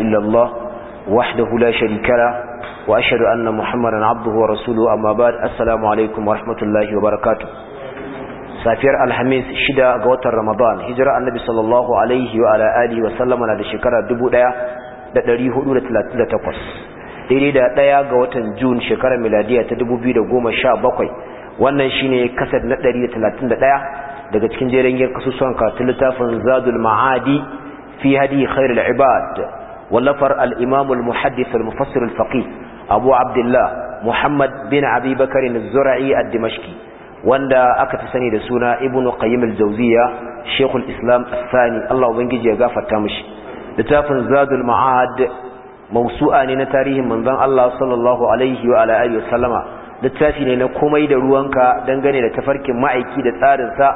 إلا الله وحده لا شريك له وأشهد أن محمدا عبده ورسوله أما بعد السلام عليكم ورحمة الله وبركاته safiyar alhamis shida ga watan ramadan hijira annabi sallallahu alaihi wa ala alihi wa sallama na da shekara 1438 daidai da daya ga watan jun shekarar miladiya ta 2017 wannan shine kasar na 131 daga cikin jerin yin kasusuwan littafin zadul ma'adi fi hadi khairul ibad wallafar al-imam al-muhaddith al-mufassir al-faqih abu abdullah muhammad bin abi bakr az-zura'i ad wanda aka fi sani da suna ibnu qayyim al-jawziya islam as-sani Allah ubangiji ya gafarta mishi littafin zadul ma'ad mawsu'a ne na tarihin manzon Allah sallallahu alaihi wa ala wa sallama littafi ne na komai da ruwanka dangane da tafarkin ma'aiki da tsarin da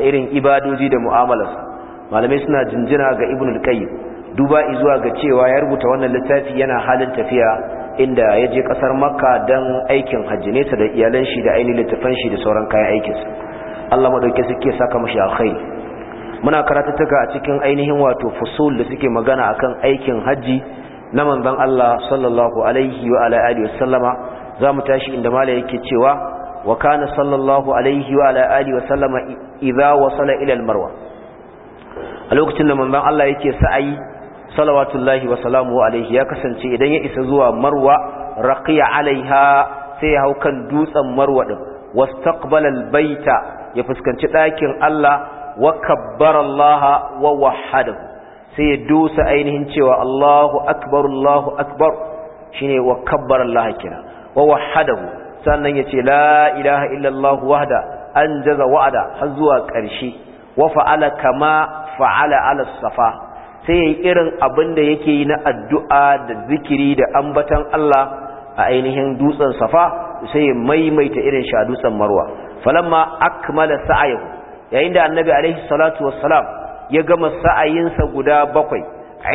irin ibadoji da mu'amalarsa malamai suna jinjira ga ibnu al duba izuwa ga cewa ya rubuta wannan littafi yana halin tafiya inda ya je kasar makka don aikin hajji nesa da iyalan shi da ainihin littafan shi da sauran kayan aikin su. allah maɗauki suke saka mashi kai. muna karatattaka a cikin ainihin wato fusul da suke magana akan aikin hajji na manzon allah sallallahu alaihi wa ala alihi wasallama za mu tashi inda mala yake cewa wa kana sallallahu alaihi wa ala alihi wasallama idza wasala ila al-marwa a lokacin da manzon allah yake sa'ayi salawatullahi wa salamu alaihi ya kasance idan ya isa zuwa marwa raqiya alaiha sai ya hau kan dutsen marwa din wastaqbala baita ya fuskanci ɗakin Allah wa kabbara wa wahhadahu sai ya dusa ainihin cewa Allahu akbar Allahu akbar shine wa kabbara kina wa wahhadahu sannan yace la ilaha illa Allah wahda anjaza wa'ada har zuwa ƙarshe wa fa'ala kama fa'ala ala safa sai ya yi irin abin da yake yi na addu'a da zikiri da ambatan Allah a ainihin dutsen safa sai ya maimaita irin sha dutsen marwa falamma akmala sa'ayahu yayin da annabi alaihi salatu wassalam ya gama sa'ayinsa guda bakwai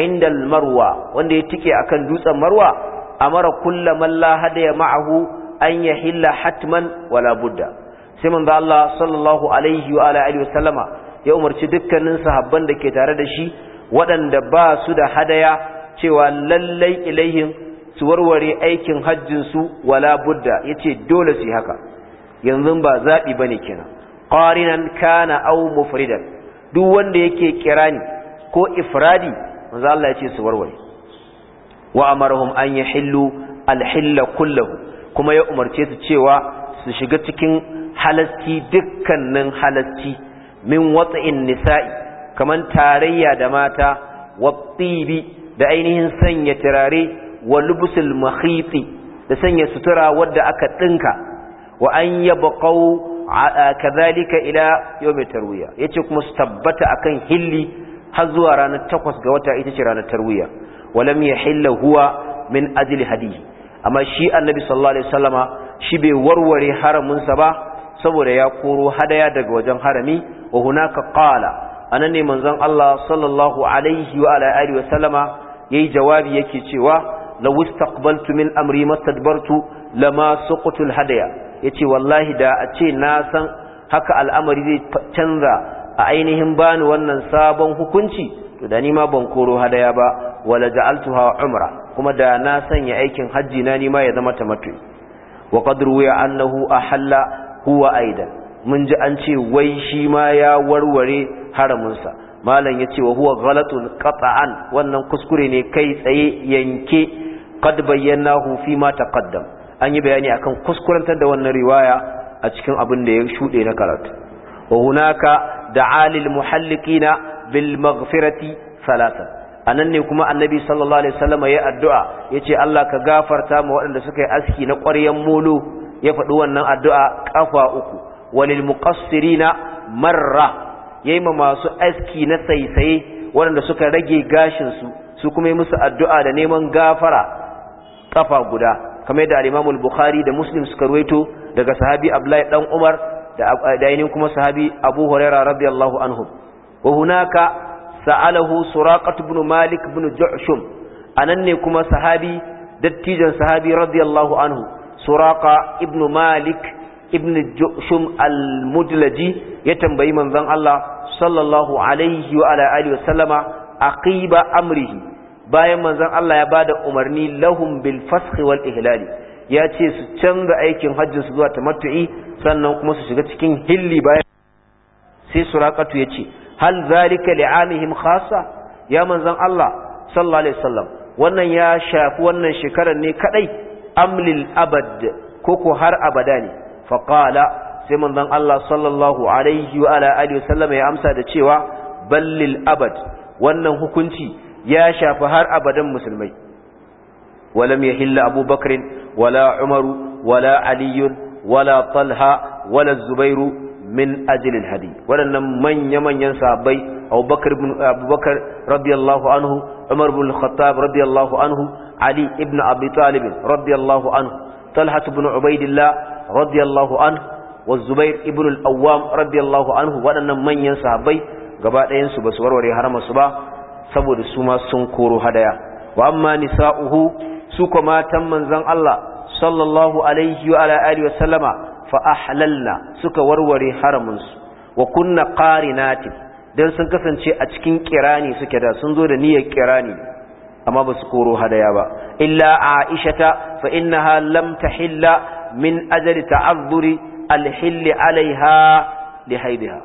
inda marwa wanda ya tike a kan dutsen marwa amara kulla man la ya ma'ahu an yahilla hatman wala budda sai manzo Allah sallallahu alaihi wa alihi ya umarci dukkanin sahabban da ke tare da shi waɗanda ba su da hadaya cewa lallai ilaihin su warware aikin hajjinsu wala budda ya ce dole su haka yanzu ba zaɓi ba ne kenan Ƙwarinan kana au mufridan duk wanda yake kirani ko ifradi manzo Allah ya ce su warware wa amarahum an yahillu alhilla kullahu kuma ya umarce su cewa su shiga cikin halasti dukkanin halasti min wata'in nisa'i kaman tarayya da mata wattibi da ainihin sanya turare wa lubusul makhiti da sanya sutura wadda aka dinka wa an yabqau kadhalika ila yawm tarwiya yace kuma su tabbata akan hilli har zuwa ranar 8 ga wata ita ce ranar tarwiya walam yahilla huwa min ajli hadihi amma shi annabi sallallahu alaihi wasallama shi bai warware haramin sa ba saboda ya koro hadaya daga wajen harami wa hunaka qala anan ne manzon Allah sallallahu alaihi wa ala alihi wa sallama yayi jawabi yake cewa law istaqbaltu min amri mastadbartu lama suqtu alhadaya yace wallahi da a ce na san haka al'amari zai canza a ainihin bani wannan sabon hukunci to da ni ma ban koro hadaya ba wala ja'altuha umra kuma da na sanya aikin hajji na ni ma ya zama tamattu wa qad ya annahu ahalla huwa aidan mun ji an ce wai shi ma ya warware haraminsa malam yace wa huwa ghalatun qat'an wannan kuskure ne kai tsaye yanke qad bayyanahu fi ma taqaddam an yi bayani akan kuskurantar da wannan riwaya a cikin abin da ya shude na karatu wa hunaka da'alil muhallikina bil maghfirati salasa anan ne kuma annabi sallallahu alaihi wasallam ya addu'a yace Allah ka gafarta mu waɗanda suka yi aski na ƙwaryan molo ya faɗi wannan addu'a ƙafa uku walil muqassirina marra yayi ma masu aski na saisaye waɗanda suka rage gashin su su kuma yi musu addu'a da neman gafara kafa guda kamar yadda al-Imam al-Bukhari da Muslim suka ruwaito daga sahabi Abdullahi dan Umar da da kuma sahabi Abu Hurairah radiyallahu anhu wa hunaka sa'alahu Suraqah ibn Malik ibn Ju'shum anan ne kuma sahabi dattijan sahabi radiyallahu anhu suraka ibn Malik ibn Jushum al-Mudlaji ya tambayi manzon Allah sallallahu alaihi wa ala alihi wa sallama aqiba amrihi bayan manzon Allah ya bada umarni lahum bil faskh wal ihlal ya ce su canza aikin hajji su zuwa tamattu'i sannan kuma su shiga cikin hilli bayan sai suraqatu yace hal zalika li'amihim khassa ya manzon Allah sallallahu alaihi wasallam wannan ya shafi wannan shekarar ne kadai amlil abad ko ko har abada ne faqala sai manzon Allah sallallahu alaihi wa alaihi alihi wasallam ya amsa da cewa ballil abad wannan hukunci ya shafi har abadan musulmai walam yahilla abubakar wala umaru wala ali wala talha wala zubairu min ajlil hadi waɗannan manya manyan sahabbai abubakar ibn abubakar radiyallahu anhu umar bin khattab radiyallahu anhu ali ibn abi talib radiyallahu anhu talha ibn ubaidillah radiyallahu anhu wa Zubair ibn al-Awwam radiyallahu anhu waɗannan manyan sahabbai gaba ɗayan su basu warware haramarsu ba saboda su ma sun koro hadaya wa amma nisa'uhu su ko matan manzon Allah sallallahu alaihi wa ala alihi wa sallama fa ahlalna suka warware haramin su wa kunna qarinati dan sun kasance a cikin kirani suke da sun zo da niyyar kirani amma ba su koro hadaya ba illa aishata fa innaha lam tahilla min ajali ta'azzuri alhilli alaiha li haidiha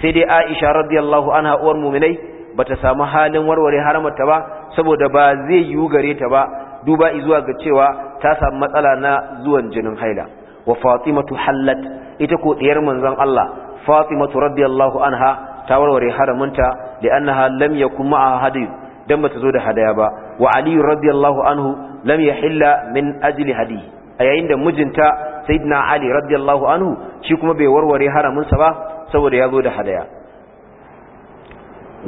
sai dai Aisha radiyallahu anha uwar mu'minai bata samu halin warware haramarta ba saboda ba zai yiwu gare ta ba duba zuwa ga cewa ta samu matsala na zuwan jinin haila wa Fatimatu hallat ita ko diyar manzon Allah Fatimatu radiyallahu anha ta warware haramunta li'annaha lam yakun ma'aha hadith dan bata zo da hadaya ba wa Ali radiyallahu anhu lam yahilla min ajli hadith a yayin da mijinta sayyidina ali radiyallahu anhu shi kuma bai warware haraminsa ba saboda ya zo da hadaya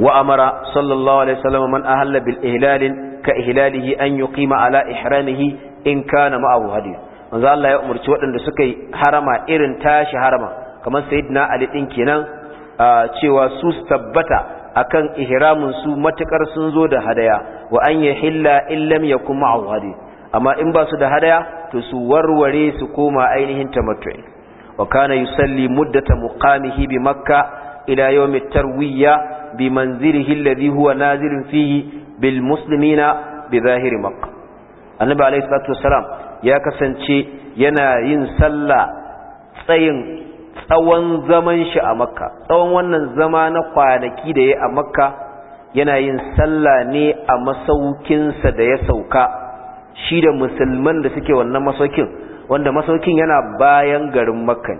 wa amara sallallahu alaihi wasallam man ahalla bil ihlalin ka ihlalihi an yuqima ala ihramihi in kana ma'ahu hadiy manzo Allah ya umarci waɗanda suka yi harama irin tashi harama kamar sayyidina ali din kenan cewa su tabbata akan ihramin su matakar sun zo da hadaya wa an yahilla illam yakum ma'ahu hadiy amma in ba su da hadaya to su warware su koma ainihin tamattu'i wa kana yusalli muddata muqamihi bi makka ila yawm at-tarwiyya bi manzilihi alladhi huwa nazilun fihi bil muslimina bi zahiri makka annabi alayhi salatu wassalam ya kasance yana yin sallah tsayin tsawon zaman shi a makka tsawon wannan zama na kwanaki da ya a makka yana yin sallah ne a masaukinsa da ya sauka shi da musulman da suke wannan masaukin wanda masaukin yana bayan garin makka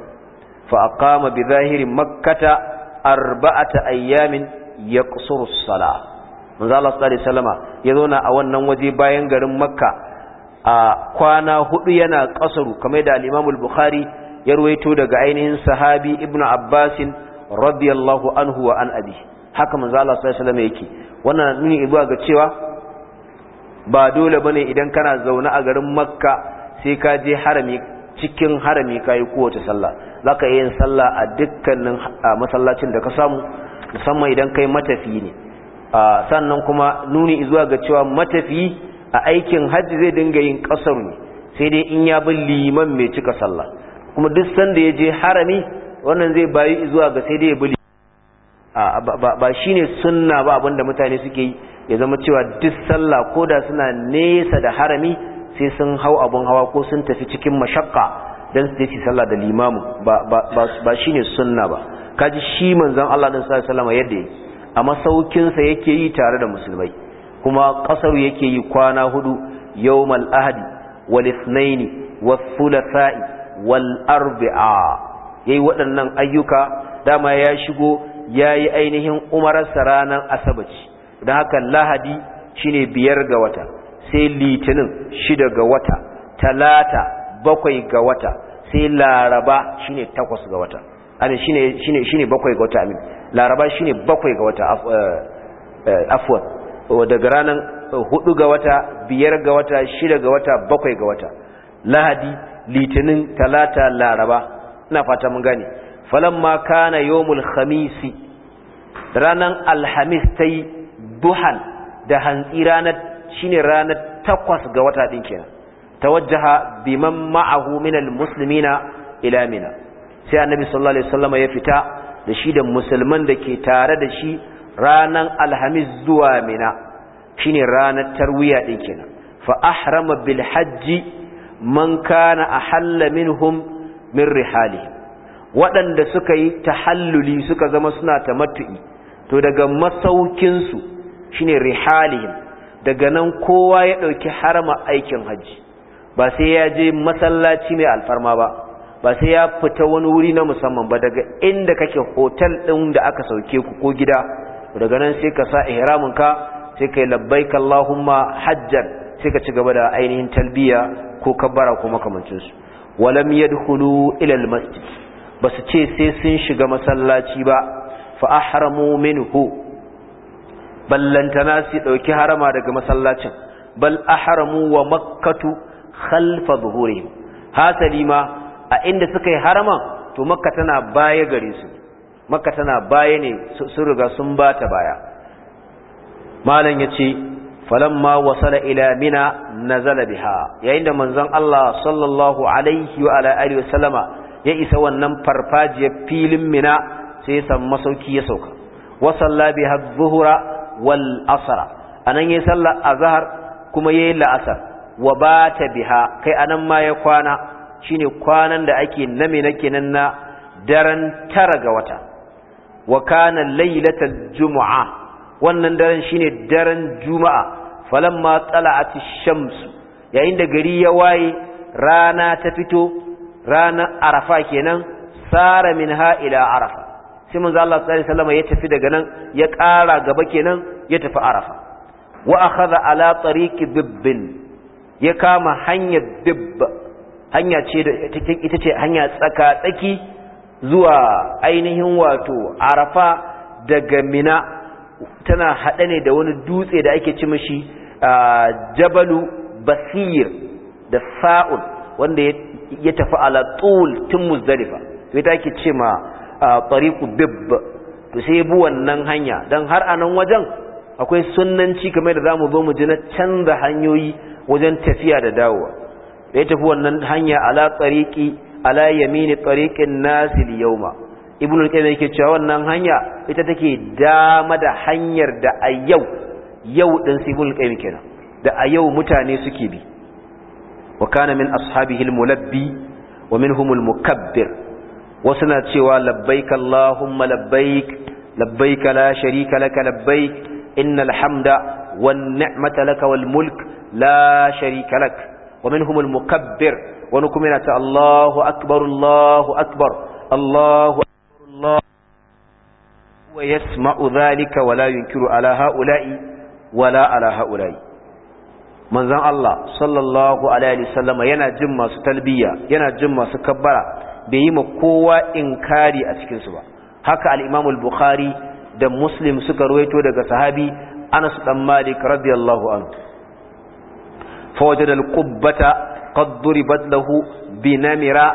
fa aqama bi zahiri makkata arba'ata ayyamin yaqsuru as manzo Allah sallallahu alaihi wasallama ya zauna a wannan waje bayan garin makka a kwana hudu yana kasaru kamar da al-imam al-bukhari ya ruwaito daga ainihin sahabi ibnu abbas radiyallahu anhu wa an abi haka manzo Allah sallallahu alaihi wasallama yake wannan ne ibuwa ga cewa ba dole bane idan kana zaune a garin makka sai ka je harami cikin harami ka yi kowace sallah za ka yi yin sallah a dukkanin masallacin da ka samu musamman idan kai matafi ne sannan kuma nuni zuwa ga cewa matafi a aikin hajji zai dinga yin kasar ne sai dai in ya bin liman mai cika sallah kuma duk sanda ya je harami wannan zai bayi zuwa ga sai dai ya bi ba shi ne sunna ba abinda mutane suke yi ya zama cewa duk sallah ko da suna nesa da harami sai sun hau abin hawa ko sun tafi cikin mashakka don su tafi sallah da limamu ba ba ba suna sunna ba kaji shi manzon Allah din sallallahu salama yadda yake a masaukin sa yake yi tare da musulmai kuma ƙasar yake yi kwana hudu yau ahadi walisnaini wasu wal thulathai yayi waɗannan ayyuka dama ya shigo ya yi ainihin umararsa ranar asabaci don haka lahadi shine biyar ga wata sai litinin shida ga wata talata bakwai ga wata sai laraba shine takwas ga wata ana shine ne bakwai ga wata amin laraba shine bakwai ga wata afuwar eh, eh, oh, daga ranar eh, hudu ga wata biyar ga wata shida ga wata bakwai ga wata lahadi litinin talata laraba ina fata mun gani. falamma kana yawmul khamisi ranan alhamis yi duhan da hantsi ranar shine ranar takwas ga wata din kenan tawajjaha biman ma'ahu minal muslimina ila mina sai annabi sallallahu alaihi wasallam ya fita da shi da musulman da ke tare da shi ranan alhamis zuwa mina shine ranar tarwiya ɗinkina, kenan fa ahrama bil hajji man kana ahalla minhum min rihalihi waɗanda suka yi tahalluli suka zama suna ta matu'i, to daga masaukinsu shine rihalihim daga nan kowa ya ɗauki harama aikin hajji ba sai ya je masallaci mai alfarma ba ba sai ya fita wani wuri na musamman ba daga inda kake hotel ɗin da aka sauke ku ko gida daga nan sai ka sa ihraminka sai ka yi labbaika Allahumma hajjan sai ka ci gaba da ainihin talbiya ko kabbara ko makamancinsu walam yadkhulu ila al-masjid ba su ce sai sun shiga masallaci ba fa ahramu minhu ballantana su dauki harama daga masallacin bal ahramu wa makkatu khalfa zuhurihim hasali ma a inda suka yi haraman to makka tana baya gare su makka tana baya ne sun riga sun bata baya malam yace falamma wasala ila mina nazala biha yayin da manzon Allah sallallahu alaihi wa ala alihi sallama ya isa wannan farfajiyar filin mina sai ya samu masauki ya sauka wa salla biha adh wal asra anan yayi sallar azhar kuma yayi la'asar wa bata biha kai anan ma ya kwana shine kwanan da ake na kenan na daren tara ga wata wa kana laylatal jumu'a wannan daren shine daren juma'a falamma tsala'ati shamsu yayin da gari ya waye rana ta fito ranar arafa kenan sara ha ila arafa sai manzo Allah sallallahu alaihi ya tafi daga nan ya ƙara gaba kenan ya tafi arafa wa akhadha ala tariqi bibbin ya kama hanyar dibba hanya ce da ita ce hanya tsaka tsaki zuwa ainihin wato arafa daga mina tana haɗe ne da wani dutse da ake ci mashi ah, jabalu basir da sa'ul wanda ya ya tafi ala tul tun muzdalifa to ita ake ce ma tariqu bib to sai bu wannan hanya dan har anan wajen akwai sunnanci kamar da zamu zo mu ji na canza hanyoyi wajen tafiya da dawowa da ya tafi wannan hanya ala tariqi ala yamini tariqin nasil yawma ibnu al-qayyim yake cewa wannan hanya ita take dama da hanyar da a yau yau din sibul qayyim kenan da a yau mutane suke bi wa kana min ashabihi al-mulabbi wa minhum al-mukabbir wasu na cewa labbaik allahumma labbaik labbaik la sharika laka labbaik innal hamda wan ni'mata laka wal mulk la sharika lak wa minhum al-mukabbir wani kuma ta Allahu Allahu ويسمع ذلك ولا ينكر على هؤلاء ولا على هؤلاء manzon Allah sallallahu alaihi yana jin masu talbiya yana jin masu kabbara bai yi ma kowa inkari a cikinsu ba haka al al-Bukhari da Muslim suka ruwaito daga sahabi Anas dan Malik radiyallahu an fawajada al-qubbata qad duribat lahu binamira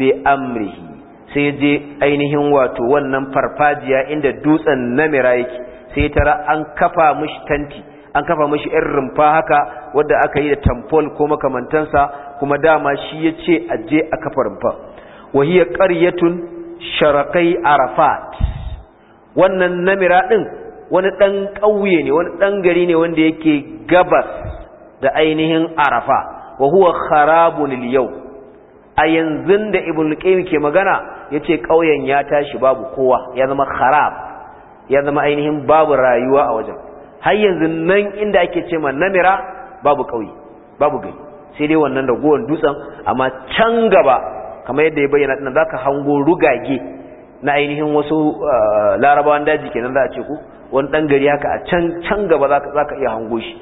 bi amrihi sai je ainihin wato wannan farfajiya inda dutsen namira yake sai tara an kafa mishi tanti an kafa mashi ɗan rumfa haka wadda aka yi da tamfol ko makamantansa kuma dama shi ya ce a je a kafa rumfa wahiyar ƙaryatun sharakai arafat wannan namira ɗin wani ɗan ƙauye ne wani ɗan gari ne wanda yake gabas da ainihin arafa wa huwa kharabun yau a yanzu da ibn qayyim ke magana yace ƙauyen ya tashi babu kowa ya zama kharab ya zama ainihin babu rayuwa a wajen har yanzu nan inda ake ce ma namira babu ƙauye babu gari sai dai wannan ragowar dutsen amma can gaba kamar yadda ya bayyana ɗin za ka hango rugage na ainihin wasu ah, larabawan daji kenan za a ce ku wani ɗan gari haka a can can gaba za ka iya hango shi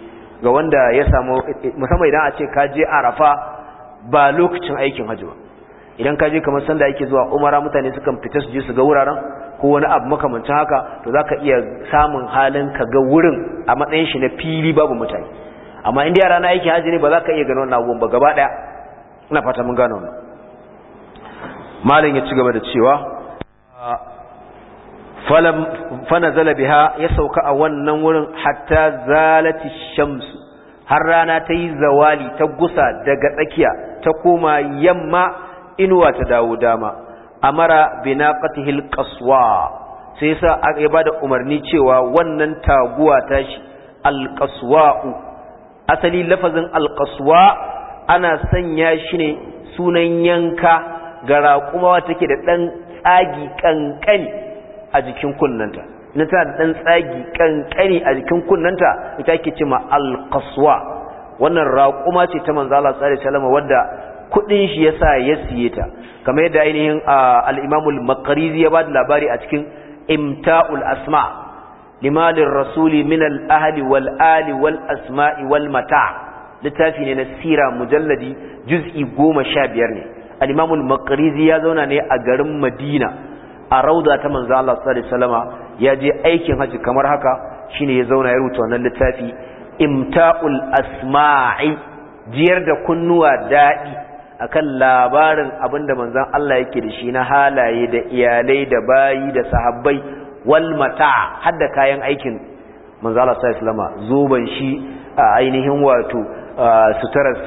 ga wanda ya samu eh, musamman idan a ce ka je arafa ba lokacin aikin hajji ba idan ka je kamar sanda ake zuwa umara mutane sukan fita su je su ga wuraren ko wani abu makamancin haka to zaka iya samun halin ka ga wurin a matsayin shi na fili babu mutane amma inda yara na aiki haji ne ba ka iya gano wannan abubuwan ba gaba daya ina fata mun gano wannan malam ya ci gaba da cewa falam fanazala biha ya sauka a wannan wurin hatta zalati shamsu har rana ta yi zawali ta gusa daga tsakiya ta koma yamma inuwa ta dawo dama amara bina alqaswa sai yasa ba da umarni cewa wannan taguwa tashi alqaswa asali lafazin alqaswa ana sanya shi ne sunan yanka ga raƙumawa take da dan tsagi kankani a jikin kunnanta na ta da dan tsagi kankani a jikin kunnanta ita ake cewa alqaswa wannan raƙuma ce ta manzo Allah sallallahu alaihi wasallam wadda kudin shi yasa ya siye ta kamar yadda ainihin al-Imam maqrizi ya bada labari a cikin Imta'ul Asma limalin rasuli min al-ahli wal ali wal asma'i wal mata littafi ne na sira mujalladi juz'i 15 ne al ne. al-Maqrizi ya zauna ne a garin Madina a rauda ta manzo Allah sallallahu alaihi wasallama ya je aikin haji kamar haka shine ya zauna ya rubuta wannan littafi Imta'ul Asma'i jiyar da kunnuwa daɗi akan labarin abinda manzon Allah yake da shi na halaye da iyalai da bayi da sahabbai wal mata har kayan aikin manzon Allah sallallahu alaihi zuban shi a ainihin wato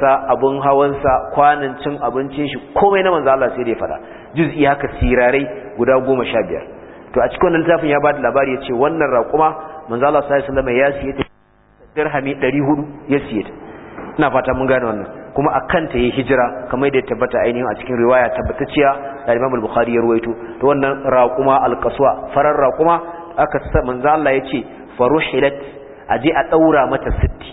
sa abun sa kwanan cin abincin shi komai na manzon Allah sai dai fara juz'i haka sirarai guda goma sha biyar to a cikin wannan littafin ya ba da labari ya ce wannan raƙuma manzon Allah sallallahu alaihi ya siye ta dirhami 400 ya siye ta ina fata mun gane wannan kuma a kanta ya hijira kamar da ya tabbata ainihin a cikin riwaya tabbatacciya da Imam al-Bukhari ya ruwaito to wannan raquma al-qaswa farar raquma aka sa manzo Allah yace faruhilat aje a daura mata sitti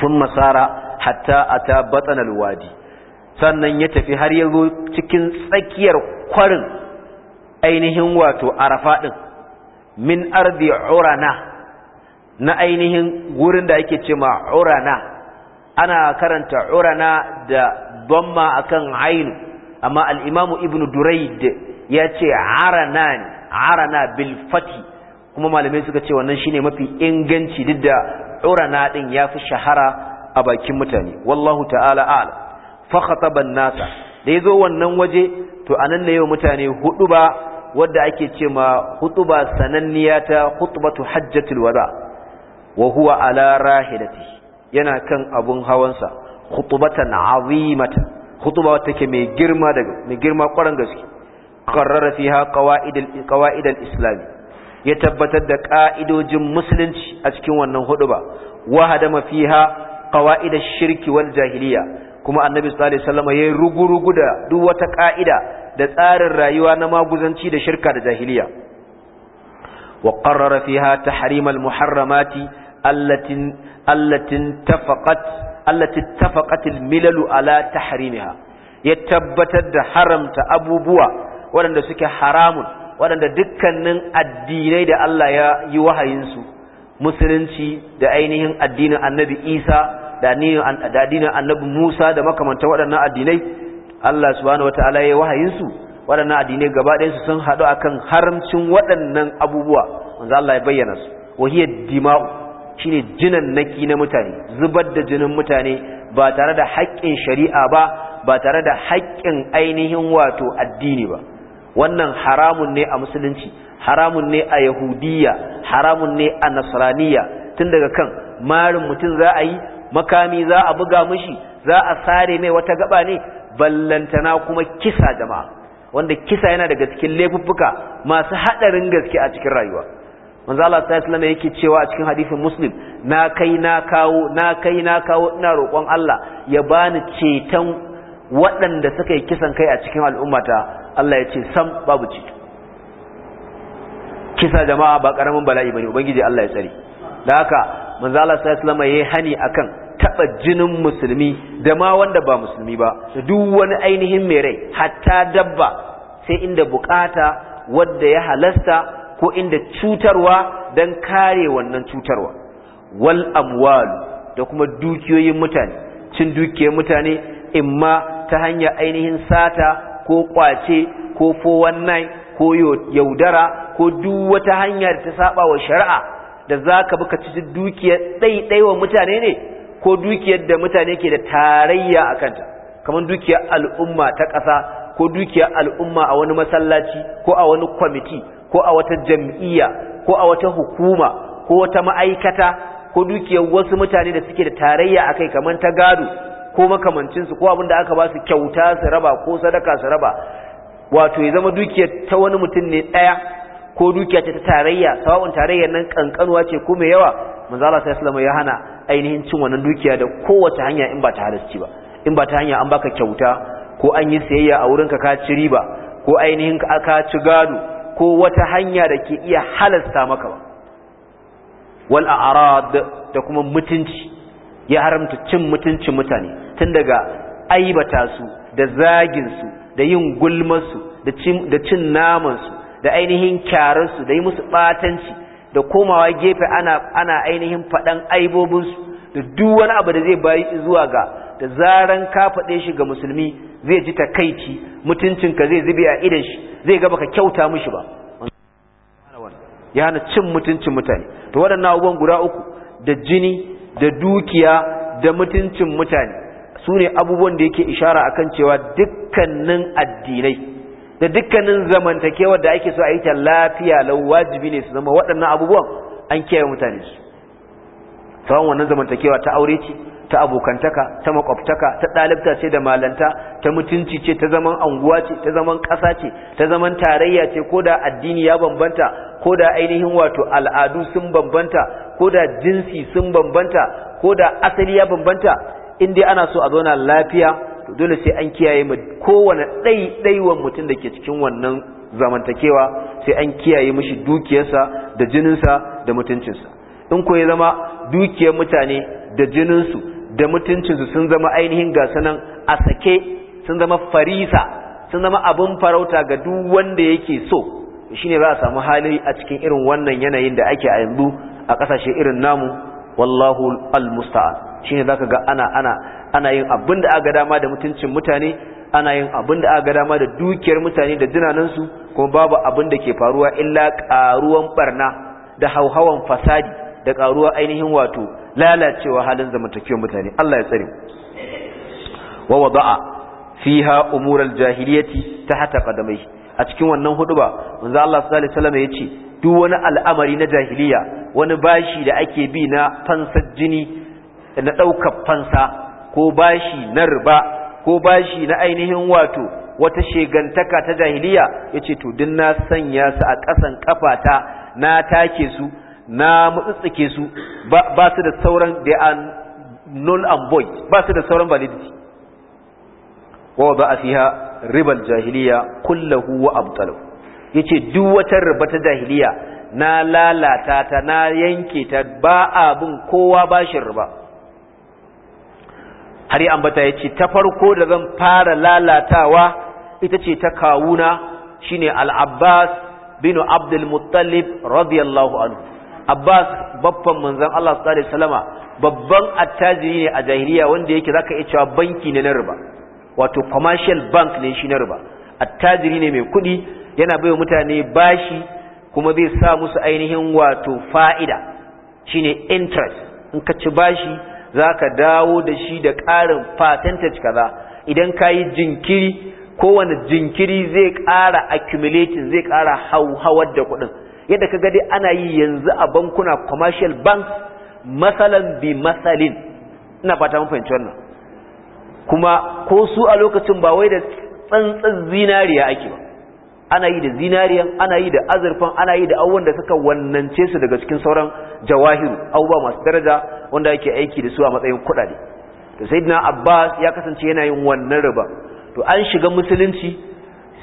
thumma sara hatta ata batana al-wadi sannan ya tafi har ya zo cikin tsakiyar kwarin ainihin wato Arafa din min ardi urana na ainihin wurin da ake cewa urana ana karanta urana da dhamma akan ainu amma al-imamu ibnu durayd yace aranan arana bil fathi kuma malamai suka ce wannan shine mafi inganci duk da urana din yafi shahara a bakin mutane wallahu ta'ala a'lam fa khataba nasa da yazo wannan waje to anan ne yau mutane hudu ba wanda ake ce ma hutuba sananniya ta khutbatu hajjatul wada wa huwa ala rahilatihi yana kan abun hawansa khutubatan azimatan khutuba wata ke mai girma daga mai girma kwaran gaske qarrara fiha qawaid islam ya tabbatar da ka'idojin musulunci a cikin wannan huduba wa hadama fiha qawaid shirki wal jahiliya kuma annabi sallallahu alaihi wasallam yayin rugurugu da duk wata ka'ida da tsarin rayuwa na maguzanci da shirka da jahiliya wa qarrara fiha ta al-muharramati allatin allatin tafaqat allati tafaqatil milalu ala tahrimiha ya tabbatar da haramta abubuwa waɗanda suke haramun waɗanda dukkanin addinai da Allah ya yi wahayinsu musulunci da ainihin addinin annabi isa da addinin annabi musa da makamanta waɗannan addinai Allah subhanahu wata'ala ya yi wahayinsu waɗannan addinai gaba ɗayansu sun haɗu akan haramcin waɗannan abubuwa manzo Allah ya bayyana su wahiyar dima'u shine jinan naki na mutane zubar da jinin mutane ba tare da haƙƙin shari'a ba ba tare da haƙƙin ainihin wato addini ba wannan haramun ne a musulunci haramun ne a yahudiyya haramun ne a nasraniyya tun daga kan marin mutum za a yi makami za a buga mushi za a sare mai wata gaba ne ballantana kuma kisa jama'a wanda kisa yana daga cikin laifuffuka masu haɗarin gaske a cikin rayuwa manzo Allah sallallahu alaihi yake cewa a cikin hadisin muslim na kai na kawo na kai na kawo ina roƙon Allah ya bani ceton waɗanda suka yi kisan kai a cikin al'ummata Allah ya ce sam babu ceto kisa jama'a ba karamin bala'i bane ubangiji Allah ya tsare da haka manzo Allah sallallahu alaihi yayi hani akan taba jinin musulmi da ma wanda ba musulmi ba da duk wani ainihin mai rai hatta dabba sai inda bukata wadda ya halasta ko inda cutarwa don kare wannan cutarwa wal amwal da kuma dukiyoyin mutane cin dukiyar mutane imma ta hanyar ainihin sata ko kwace ko 419 ko yaudara ko duk wata da ta saba wa shari'a da zaka buka ci dukiyar ɗaiɗaiwa mutane ne ko dukiyar da mutane ke da tarayya a kanta kamar dukiyar al'umma ta ƙasa ko dukiyar al'umma a wani masallaci ko a wani kwamiti ko a wata jam'iyya ko a wata hukuma ko wata ma'aikata ko dukiyar wasu mutane da suke da tarayya a kai kamar ta gado ko makamancinsu ko abin da aka ba su kyauta su raba ko sadaka su raba wato ya zama dukiyar ta wani mutum ne ɗaya ko dukiya ta tarayya sababin tarayyar nan kankanuwa ce ko mai yawa manzo Allah sallama ya hana ainihin cin wannan dukiya da kowace hanya in ba ta halarci ba in ba ta hanya an baka kyauta ko an yi sayayya a wurinka ka ci riba ko ainihin ka ci gado ko wata hanya da ke iya halasta maka ba wal a'rad da kuma mutunci ya haramta cin mutuncin mutane tun daga aibata su da zagin su da yin gulmar su da cin naman su da ainihin kyaran su da yi musu batanci da komawa gefe ana ainihin faɗan aibobinsu, da duk wani abu da zai bayi zuwa ga da zaran ka faɗe shi ga musulmi zai ji takaici mutuncinka zai zube a idan shi zai gaba ka kyauta mishi ba ya hana cin mutuncin mutane to waɗannan abubuwan guda uku da jini da dukiya da mutuncin mutane su ne abubuwan da yake ishara a kan cewa dukkanin addinai da dukkanin zamantakewar da ake so a yi ta lafiya lau wajibi ne su zama waɗannan abubuwan an kiyaye mutane su tsawon wannan zamantakewa ta aure ce ta abokantaka ta makwabtaka ta ɗalibtace, ce da malanta ta mutunci ce ta zaman anguwa ce ta zaman ƙasa ce ta zaman tarayya ce ko da addini ya bambanta ko da ainihin wato al'adu sun bambanta ko da jinsi sun bambanta ko da asali ya bambanta in dai ana so a zauna lafiya to dole sai an kiyaye kowane ɗaiɗaiwan mutum da ke cikin wannan zamantakewa sai an kiyaye mishi dukiyarsa da jininsa da mutuncinsa in ko ya zama dukiyar mutane da jininsu da mutuncinsu sun zama ainihin gasanan a sake sun zama farisa sun zama abin farauta ga duk wanda yake so shine za a samu hali a cikin irin wannan yanayin da ake a yanzu a kasashe irin namu wallahu almusta'an shine zaka ga ana ana ana yin abin da aka dama da mutuncin mutane ana yin abin da aka dama da dukiyar mutane da jinanansu kuma babu abin da ke faruwa illa karuwan barna da hauhawan fasadi da karuwa ainihin wato lalacewa halin zamantakewar mutane Allah ya tsare wa wada'a fiha umural jahiliyati tahta qadamai a cikin wannan huduba manzo Allah sallallahu alaihi wasallam yace duk wani al'amari na jahiliya wani bashi da ake bi na fansar jini na daukar fansa ko bashi na riba ko bashi na ainihin wato wata shegantaka ta jahiliya yace to duk na sanya su a ƙasan kafata na take su na mutsutsike su ba su da sauran they are null and void ba su da sauran validity wa ba a fiha ribal jahiliya kullahu wa abtalu yace duk wata riba ta jahiliya na lalata ta na yanke ta ba abin kowa bashin riba har yi ambata ya ce ta farko da zan fara lalatawa ita ce ta kawuna shine al-abbas bin abdul muttalib radiyallahu anhu Abbas babban manzon Allah sallallahu alaihi wasallama babban attajiri ne a jahiliya wanda yake zaka iya cewa banki ne na riba wato commercial bank ne shi na riba attajiri ne mai kuɗi yana baiwa mutane bashi kuma bai sa musu ainihin wato fa'ida shine interest in ka ci bashi zaka dawo da shi da ƙarin percentage kaza idan kayi jinkiri kowane jinkiri zai ƙara accumulating zai ƙara hauhawar da kuɗin yadda ka ga dai ana yi yanzu a bankuna commercial banks masalan bi masalin ina fata mun fahimci wannan kuma ko su a lokacin ba wai da tsantsan zinariya ake ba ana yi da zinariya ana yi da azurfan ana yi da abubuwan da suka wannance su daga cikin sauran jawahiru abubuwa masu daraja wanda ake aiki da su a matsayin kuɗaɗe to sayyidina abbas ya kasance yana yin wannan riba to an shiga musulunci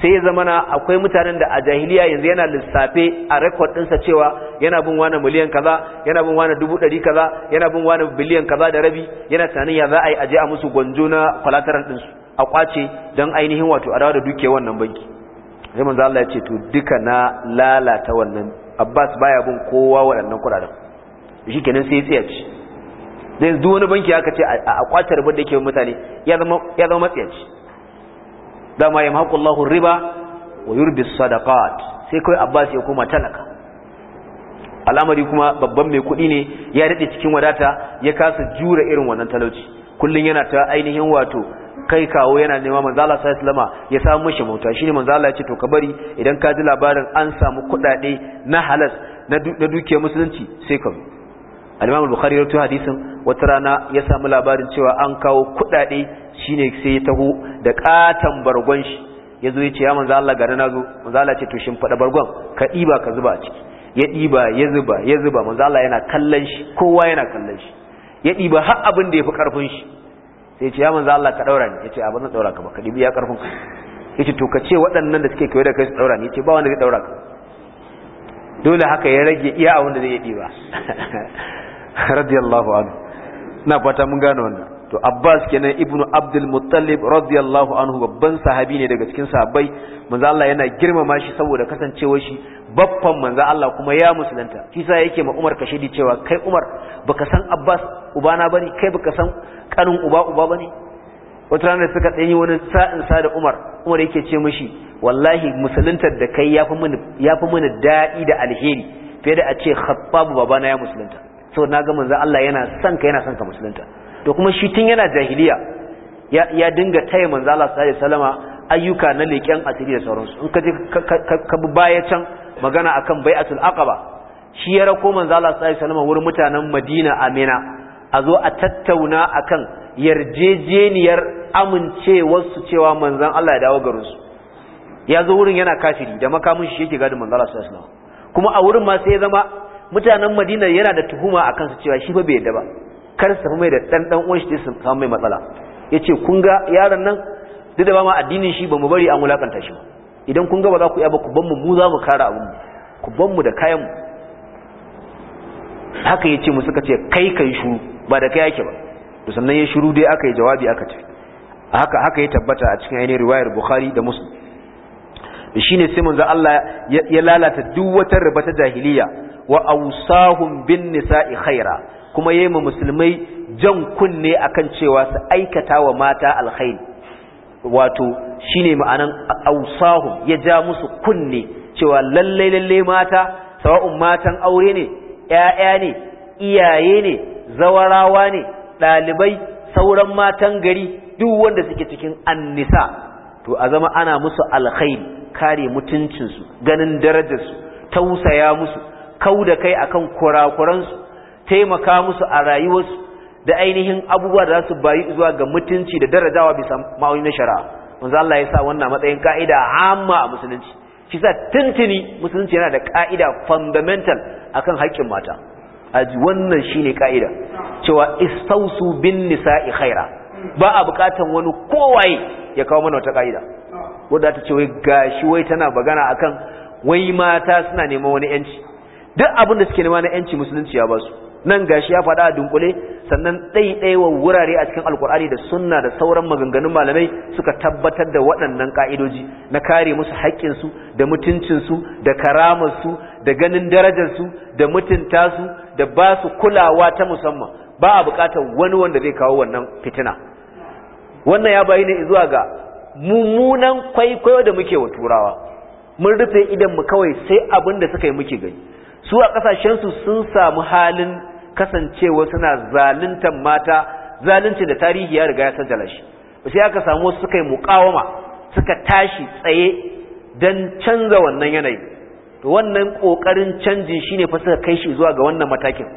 sai ya zamana akwai mutanen da a jahiliya yanzu yana lissafe a rekod ɗinsa cewa yana bin wani miliyan kaza yana bin wani dubu ɗari kaza yana bin wani biliyan kaza da rabi yana tunanin ya za a yi aje a musu gwanjo na kwalataran ɗinsu a kwace don ainihin wato a dawo da duke wannan banki zai manzo Allah ya ce to duka na lalata wannan Abbas baya bin kowa waɗannan kuɗaɗen shi kenan sai ya tsaya ci da yanzu wani banki aka ce a kwace rabin da yake mutane ya zama ya zama matsiyaci dama yamhaqu Allahu riba wa yurbi sadaqat sai kawai Abbas ya koma talaka al'amari kuma babban mai kuɗi ne ya daɗe cikin wadata ya kasa jura irin wannan talauci kullum yana ta ainihin wato kai kawo yana nema manzala sa islama ya samu mishi mota ne manzala ya ce to ka bari idan ka ji labarin an samu kuɗaɗe na halas na dukiyar musulunci sai ka al-imam al-bukhari ya rawaito hadisin wata rana ya samu labarin cewa an kawo kuɗaɗe shine sai ya taho da katan bargon shi ya zo ya ce ya manzo Allah gane na zo manzo Allah ce to shin fada bargon ka ɗiba ka zuba a ciki ya ɗiba ya zuba ya zuba manzo Allah yana kallon shi kowa yana kallon shi ya ɗiba har abin da ya fi ƙarfin shi sai ce ya manzo Allah ka daura ni ya ce abin da daura ka ba ka ɗibi ya ƙarfin ka ya ce to ka ce waɗannan da suke kewaye da kai su daura ni ya ce ba wanda zai daura ka dole haka ya rage iya abin da zai ɗiba radiyallahu anhu na fata mun gane wannan to Abbas kenan ibnu Abdul Muttalib radiyallahu anhu babban sahabi ne daga cikin sahabbai manzo Allah yana girmama shi saboda kasancewar shi baffan manzo Allah kuma ya musulunta shi sa yake ma Umar kashidi cewa kai Umar baka san Abbas ubana bane kai baka san kanin uba uba bane wata ranar suka danyi wani sa'in sa da Umar Umar yake ce mishi wallahi musuluntar da kai yafi mini yafi mini da'i da alheri fiye da a ce khattabu babana ya musulunta so na ga manzo Allah yana son ka yana son ka musulunta to kuma shi tun yana jahiliya ya dinga taya manzo Allah sallallahu alaihi wasallama ayyuka na leƙen asiri da sauransu in ka je ka bi baya can magana akan bai'atul aqaba shi ya rako manzo Allah sallallahu alaihi wasallama wurin mutanen Madina Amina a zo a tattauna akan yarjejeniyar su cewa manzon Allah ya dawo garin su ya zo wurin yana kafiri da makamin shi yake gadin manzo Allah sallallahu alaihi wasallama kuma a wurin ma sai ya zama mutanen Madina yana da tuhuma akan su cewa shi fa bai yadda ba kar su tafi mai da dan dan uwan shi su samu mai matsala yace kun ga yaron nan duk da ba ma addinin shi mu bari an wulakanta shi ba idan kun ga ba za ku iya ba ku ban mu mu za mu kare abin ku ban mu da kayan mu haka yace mu suka ce kai kai shuru ba da kai yake ba to sannan ya shuru dai aka yi jawabi aka ce haka haka ya tabbata a cikin ainihin riwayar bukhari da muslim shine sai manzo Allah ya lalata duk wata rubata ta jahiliya wa awsahum bin nisa'i khaira kuma yi mu musulmai jan kunne akan cewa su aikata wa mata alkhairi wato shine ma'anan ausahu ya ja musu kunne cewa lallai lallai mata sawa'un matan aure ne 'ya'ya ne iyaye ne zawarawa ne ɗalibai sauran matan gari duk wanda suke cikin annisa to a zama ana musu alkhairi kare mutuncinsu ganin darajarsu tausaya musu kau da kai akan kurakuransu taimaka musu a rayuwarsu da ainihin abubuwa da za su bayi zuwa ga mutunci da darajawa bisa ma'auni na shari'a wanzu Allah ya sa wannan matsayin ka'ida amma a musulunci shi sa tuntuni musulunci yana da ka'ida fundamental kan haƙƙin mata ji wannan ne ka'ida cewa istausu bin nisa khaira ba a bukatan wani kowaye ya kawo mana wata ka'ida wadda ta ce wai gashi wai tana bagana akan wai mata suna neman wani yanci duk abin suke nema na yanci musulunci ya ba nan gashi ya faɗa a dunkule sannan ɗaiɗaiwa wurare a cikin alkur'ani da sunna da sauran maganganun malamai suka tabbatar da waɗannan ƙa'idoji na kare musu su, da mutuncin su, da karamarsu da ganin darajar su, da mutunta su da ba su kulawa ta musamman ba a buƙatar wani wanda zai kawo wannan fitina wannan ya bayyana zuwa ga mummunan kwaikwayo da muke wa turawa mun rufe idan mu kawai sai abinda da suka yi muke gani su a ƙasashensu sun samu halin kasancewa suna zaluntan mata zalunci da tarihi ya riga ya sajjala shi sai aka samu wasu suka muqawama suka tashi tsaye dan canza wannan yanayi to wannan ƙoƙarin canjin shine fa suka kai shi zuwa ga wannan matakin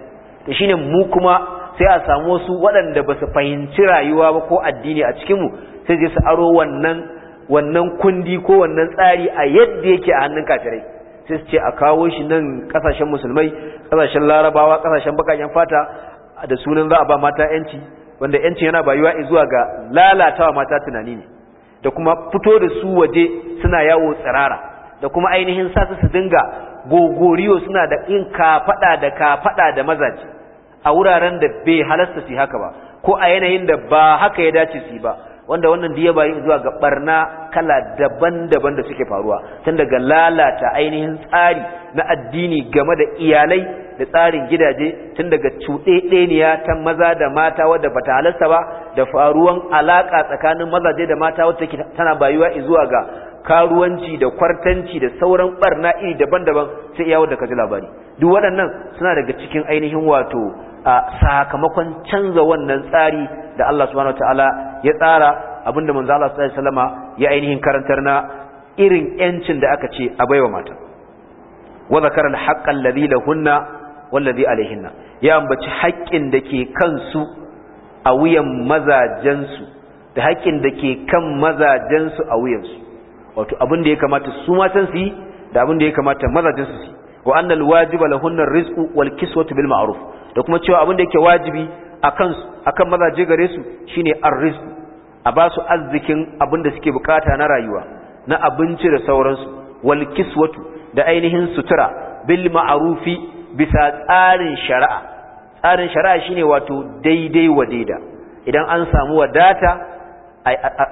to shine mu kuma sai a samu wasu waɗanda ba su fahimci rayuwa ba ko addini a cikin mu sai su aro wannan wannan kundi ko wannan tsari a yadda yake a hannun kafirai sai ce a kawo shi nan kasashen musulmai kasashen larabawa kasashen bakaken fata da sunan za a ba mata yanci wanda yanci yana bayuwa zuwa ga lalatawa mata tunani ne da kuma fito da su waje suna yawo tsirara da kuma ainihin sa su dinga gogoriyo suna da in fada da ka fada da mazaje a wuraren da bai halasta su haka ba ko a yanayin da ba haka ya dace su ba wanda wannan diya bayi zuwa ga barna kala daban-daban da suke faruwa tun daga lalata ainihin tsari na addini game da iyalai da tsarin gidaje tun daga cuɗeɗeniya ta maza da mata wadda bata halasta ba da faruwan alaƙa tsakanin mazaje da mata wadda tana bayuwa zuwa ga karuwanci da kwartanci da sauran barna iri daban-daban sai iya wadda ka ji labari duk waɗannan suna daga cikin ainihin wato A sakamakon canza wannan tsari da Allah subhanahu wataala ya tsara abinda manzo Allah sallallahu alaihi wasallam ya ainihin karantar na irin yancin da aka ce a baiwa mata wa zakara al-haqqa alladhi lahunna wallazi alaihinna ya ambaci haƙƙin da ke kansu a wuyan mazajensu da haƙƙin da ke kan mazajensu a wuyansu wato abin da ya kamata su matan su yi da abin da ya kamata mazajen su yi wa annal wajiba lahunna rizqu wal kiswatu bil ma'ruf da kuma cewa abin da yake wajibi akan akan mazaje gare su shine arrizq a ba su arzikin abin da suke bukata na rayuwa na abinci da sauransu wal kiswatu da ainihin sutura bil ma'rufi bisa tsarin shari'a tsarin shari'a shine wato daidai wa daida idan an samu wadata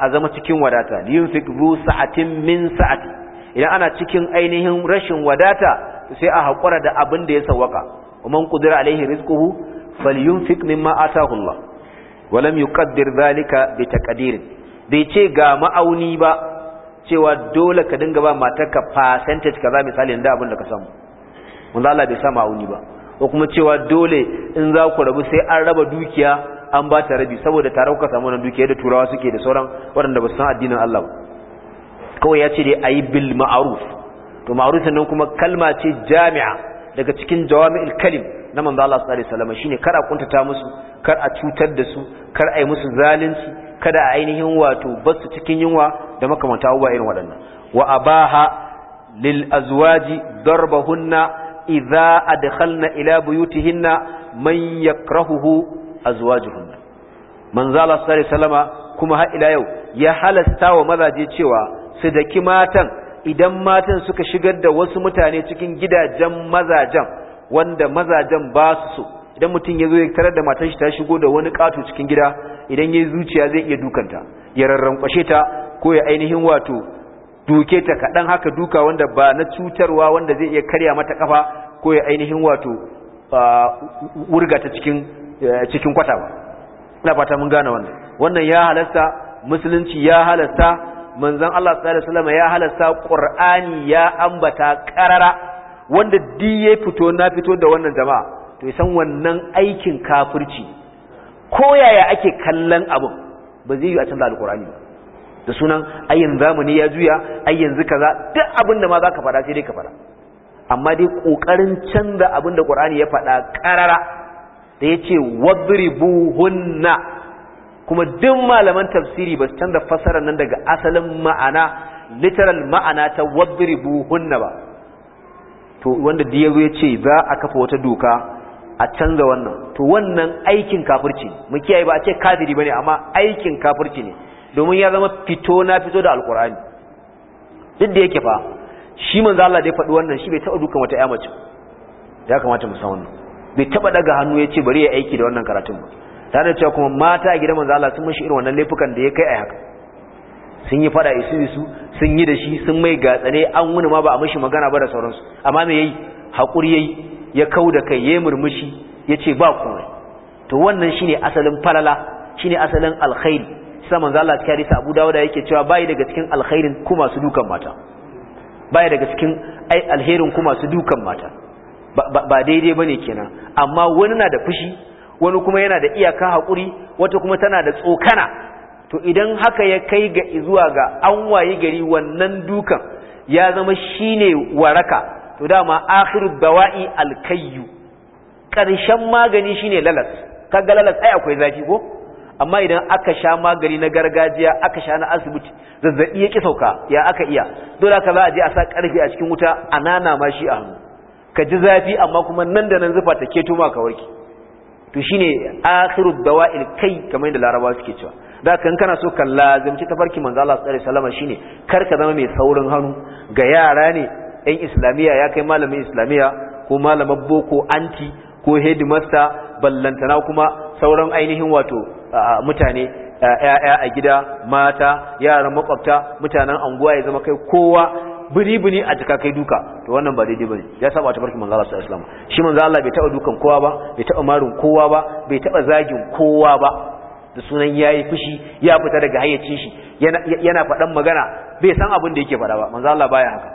a zama cikin wadata yunfiq ru sa'atin min sa'ati idan ana cikin ainihin rashin wadata sai a haƙura da abin da ya sawaka wa man qudira alaihi rizquhu falyunfiq mimma ataahu Allah wa lam yuqaddir dhalika bi bai ce ga ma'auni ba cewa dole ka dinga ba matarka percentage kaza misali da abin da ka samu wanda Allah bai sa ma'auni ba ko kuma cewa dole in za ku rabu sai an raba dukiya an ba ta rabi saboda tare kuka samu wannan dukiya da turawa suke da sauran waɗanda ba su san addinin Allah ba kawai ya ce dai ayi bil ma'ruf to ma'ruf nan kuma kalma ce jami'a daga cikin jawami'ul kalim na manzo Allah sallallahu alaihi wasallam shine kar a kuntata musu kar a cutar da su kar a yi musu zalunci kada a ainihin wato basu cikin yunwa da makamanta uwa irin waɗannan wa abaha lil azwaji darbahunna idza adkhalna ila buyutihinna man yakrahuhu azwajuhunna manzo Allah sallallahu alaihi wasallama kuma har ila yau ya halasta wa mazaje cewa su daki matan idan matan suka shigar da wasu mutane cikin gidajen mazajen wanda mazajen ba su so idan mutum ya zo ya tarar da matan shi ta shigo da wani ƙato cikin gida idan ya zuciya zai iya dukanta ya rarrankwashe ta ko ya ainihin wato duke ta kaɗan haka duka wanda ba na cutarwa wanda zai iya karya mata kafa ko ya ainihin wato wurga ta cikin cikin kwata ba ina fata mun gane wannan wannan ya halasta musulunci ya halasta manzon Allah sallallahu alaihi wasallam ya halasta Qur'ani ya ambata karara wanda di ya fito na fito da wannan jama'a to san wannan aikin kafirci ko yaya ake kallon abun ba zai yi a canza alqur'ani ba da sunan ayin zamani ya juya ai yanzu kaza duk abin da ma zaka fada sai dai ka fada amma dai kokarin canza abin da Qur'ani ya fada karara da yace wadribuhunna kuma duk malaman tafsiri ba su canza fasarar nan daga asalin ma'ana literal ma'ana ta wadribu hunna ba to wanda diyazo ya ce za a kafa wata doka a canza wannan to wannan aikin kafirci mu kiyaye ba a ce kafiri bane amma aikin kafirci ne domin ya zama fito na fito da alkur'ani duk da yake fa shi manzo Allah da ya faɗi wannan shi bai taɓa dukan wata 'ya mace ya kamata mu san wannan bai taɓa daga hannu ya ce bari ya aiki da wannan karatun ba ta da cewa kuma mata gida gidan manzo Allah sun mishi irin wannan laifukan da ya kai a haka sun yi fada isu isu sun yi da shi sun mai gatsare an wuni ma ba a mishi magana ba da sauransu amma me yayi hakuri yayi ya kau da kai yayi murmushi yace ba komai to wannan shine asalin falala shine asalin alkhair sai manzo Allah cikin hadisi Abu Dawud yake cewa bai daga cikin alkhairin kuma su dukan mata bai daga cikin alherin kuma su dukan mata ba daidai bane kenan amma wani na da fushi wani kuma yana da iyaka hakuri wata kuma tana da tsokana to idan haka ya kai ga zuwa ga an waye gari wannan dukan ya zama shine waraka to dama akhirud dawa'i alkayyu karshen magani shine lalas kaga lalas ai akwai zafi ko amma idan aka sha magani na gargajiya aka sha na asibiti zazzabi ya ƙi sauka ya aka iya dole ka za a je a sa karfi a cikin wuta a nana ma shi a hannu ka ji zafi amma kuma nan da nan zufa ta keto ma ka warke to shine akhirud dawa'il kai kamar da larabawa suke cewa da kan kana so ka lazimci tafarki manzo Allah sallallahu alaihi wasallam shine kar ka zama mai saurin hannu ga yara ne ɗan islamiya ya kai malamin islamiya ko malamar boko anti ko headmaster ballantana kuma sauran ainihin wato mutane ‘ya'ya a gida mata yaran makwabta mutanen anguwa ya zama kai kowa biri biri a cika kai duka to wannan ba daidai bane ya saba ta barkin manzo Allah sallallahu alaihi wasallam shi manzo bai taba dukan kowa ba bai taba marin kowa ba bai taba zagin kowa ba da sunan yayi fushi ya fita daga hayyacin shi yana yana fadan magana bai san abin da yake fada ba manzo Allah baya haka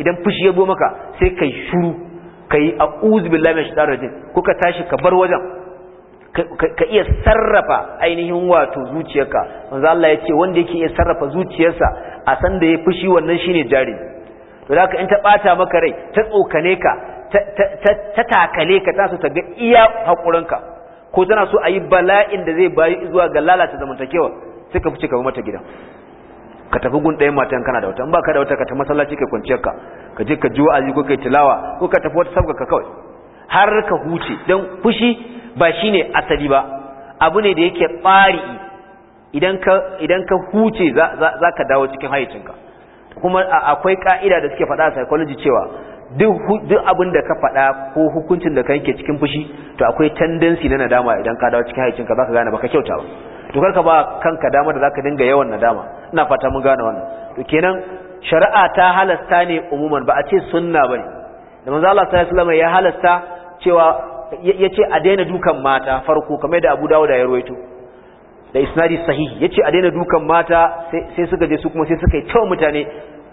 idan fushi ya bo maka sai kai shuru kai a'udhu billahi minash shaitanir rajim kuka tashi ka bar wajen ka iya sarrafa ainihin wato zuciyarka wanzu Allah ya ce wanda yake iya sarrafa zuciyarsa a san da ya fushi wannan shi ne jari to da in ta bata maka rai ta tsokane ka ta takale ka ta so ta ga iya haƙurinka ko tana so a yi bala'in da zai bayi zuwa ga lalata zamantakewa sai ka fice ka mata gidan ka tafi gun ɗayan matan kana da wata in baka da wata ka ta masallaci kai kwanciyar ka ka je ka ji wa'azi ko kai tilawa ko ka tafi wata sabga ka kawai har ka huce dan fushi ba shi ne asali ba abu ne da yake tsari idan ka huce za ka dawo cikin hayyacinka kuma akwai ka'ida da suke faɗa a psychology cewa duk abin da ka faɗa ko hukuncin da ka yanke cikin fushi to akwai tendency na nadama idan ka dawo cikin hayyacinka za ka gane ba ka kyauta ba to karka ba kanka dama da za ka dinga yawan nadama ina fata mun gane wannan to kenan shari'a ta halasta ne umuman ba a ce sunna ba ne da manzo Allah sallallahu alaihi wasallam ya halasta cewa yace a daina dukan mata farko kamar da Abu Dawud ya rawaito da isnadi sahihi yace a daina dukan mata sai suka je su kuma sai suka yi tawa mutane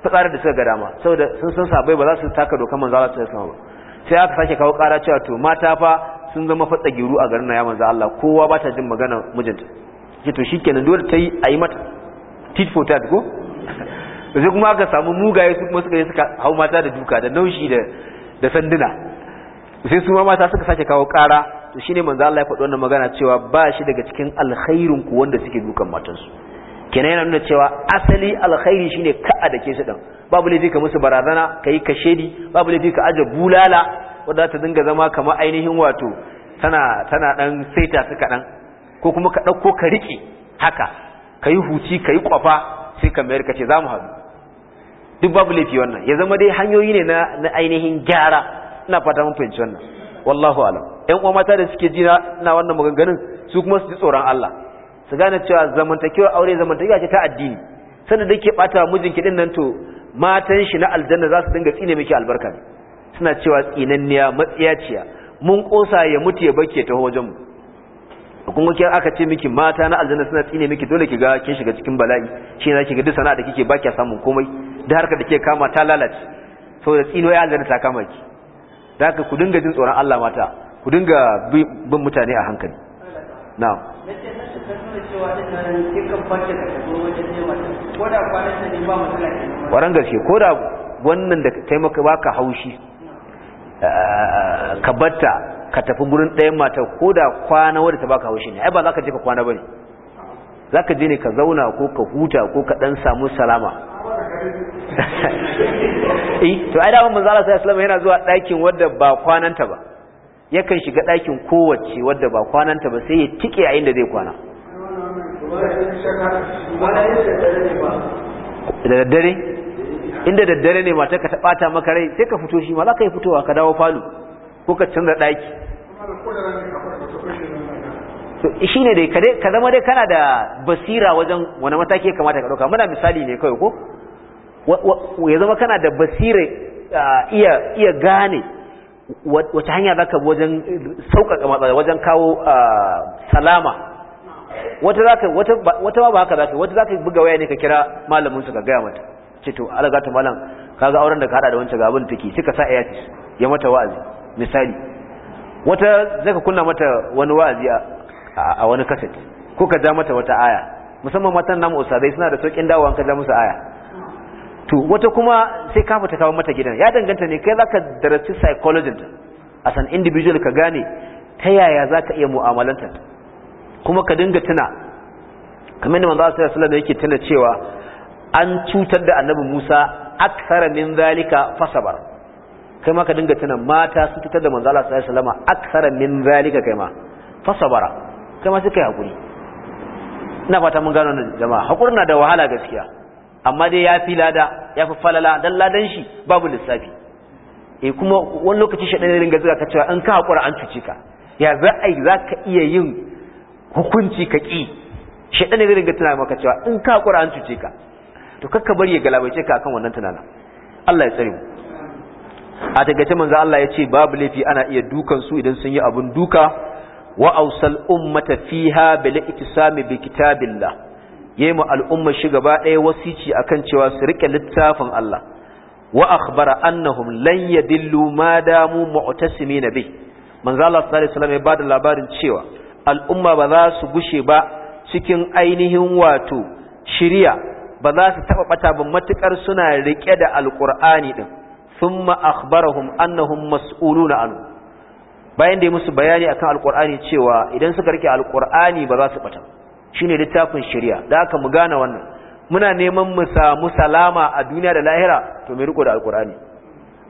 fitsarar da suka ga dama saboda sun san sabai ba za su taka dokan manzo Allah sallallahu alaihi wasallam sai aka sake kawo ƙara cewa to mata fa sun zama fatsa giru a garin na ya manzo Allah kowa ba ta jin magana mijinta ce to shikenan dole ta yi a yi mata tit for tat ko sai kuma aka samu mugaye su kuma suka je suka hau mata da duka da naushi da sanduna sai su ma mata suka sake kawo kara to shine manzo Allah ya faɗi wannan magana cewa ba shi daga cikin alkhairin ku wanda suke dukan matansu kenan yana nuna cewa asali alkhairi shine ka da ke su dan babu laifi ka musu barazana kai shedi babu laifi ka aje bulala wanda ta dinga zama kamar ainihin wato tana tana dan saita su dan ko kuma ka ɗauko ka rike haka ka huci ka kwafa ƙwafa sai ka mayar ka ce za duk babu laifi wannan ya zama dai hanyoyi ne na ainihin gyara ina fata mun fahimci wannan wallahu alam ɗan uwa mata da suke jina ina wannan maganganun su kuma su ji tsoron Allah su gane cewa zamantakewa aure zamantakewa ce ta addini sanda da ke bata mijinki din nan to matan shi na aljanna za su dinga tsine miki albarka ne suna cewa tsinanniya matsiyaciya mun kosa ya mutu ya bakke ta wajenmu mu kiyar aka ce miki mata na aljanna suna tsine miki dole ki ga kin shiga cikin bala'i shi ne zaki ga duk sana'a da kike baki samun komai da harkar da kike kama ta lalace saboda tsino ya aljanna ta kama ki da haka ku dinga jin tsoron Allah mata ku dinga bin mutane a hankali na'am waran gaske ko da wannan da taimaka baka haushi eh, ka batta ka tafi gurin ɗayan mata ko da kwana wadda ta baka haushi ne ai ba za ka je ka kwana ba ne za ka je ne ka zauna ko ka huta ko ka ɗan samu salama eh to ai da manzo Allah sallallahu alaihi yana zuwa ɗakin wadda ba kwananta ba yakan shiga ɗakin kowace wadda ba kwananta ba sai ya tike a inda zai kwana da daddare inda daddare ne mata ka taɓata maka rai sai ka fito shi ma za ka yi fitowa ka dawo falo ko ka canza ɗaki shi ne dai ka zama dai kana da basira wajen wani mataki ya kamata ka ɗauka muna misali ne kawai ko ya zama kana da basira iya iya gane wata hanya zaka wajen sauƙaƙa matsala wajen kawo salama wata zaka wata wata ba haka zaka wata zaka buga waya ne ka kira malamin su ka gaya mata ce to alaga ta malam kaga auren da ka hada da wancan ga abin take suka sa ayati ya mata wa'azi misali wata zaka kunna mata wani wa'azi a wani kaset ko ka ja mata wata aya musamman matan namu ustadai suna da saukin dawowa ka ja musu aya to wata kuma sai kafa ta kawo mata gidan ya danganta ne kai zaka darasi psychologist as an individual ka gane ta yaya zaka iya mu'amalanta kuma ka dinga tuna kamar da manzo sallallahu alaihi wasallam yake tuna cewa an cutar da annabi Musa akthara min zalika fasabar kai ma ka dinga tuna mata su cutar da manzo sallallahu alaihi wasallam akthara min zalika kai ma fasabara kai ma sai kai hakuri ina fata mun gano jama'a hakuri na da wahala gaskiya amma dai ya fi lada ya fi falala dan ladan shi babu lissafi eh kuma wani lokaci shaɗan ya ringa zuwa ka cewa an ka haƙura an cuce ka ya za a yi za ka iya yin hukunci ka ƙi shaɗan ya ringa tunanin maka cewa in ka haƙura an cuce ka to kakka bari ya galabaice ka akan wannan tunanin Allah ya tsare mu a tagace manzo Allah ya ce babu laifi ana iya dukan su idan sun yi abun duka wa awsal ummata fiha bil iktisami bi kitabillah yayi mu al'umma shi gaba ɗaya wasici kan cewa su rike littafin Allah wa akhbara annahum lan yadillu ma damu mu'tasimin bi manzo Allah sallallahu alaihi ya bada labarin cewa al'umma ba za su gushe ba cikin ainihin wato shiriya ba za su taba bata ba matukar suna rike da alqur'ani din thumma akhbarahum annahum mas'uluna anhu bayan da ya musu bayani akan alqur'ani cewa idan suka rike alqur'ani ba za su bata shine littafin shari'a da haka mu gane wannan muna neman mu samu salama a duniya da lahira to mai riko da alkur'ani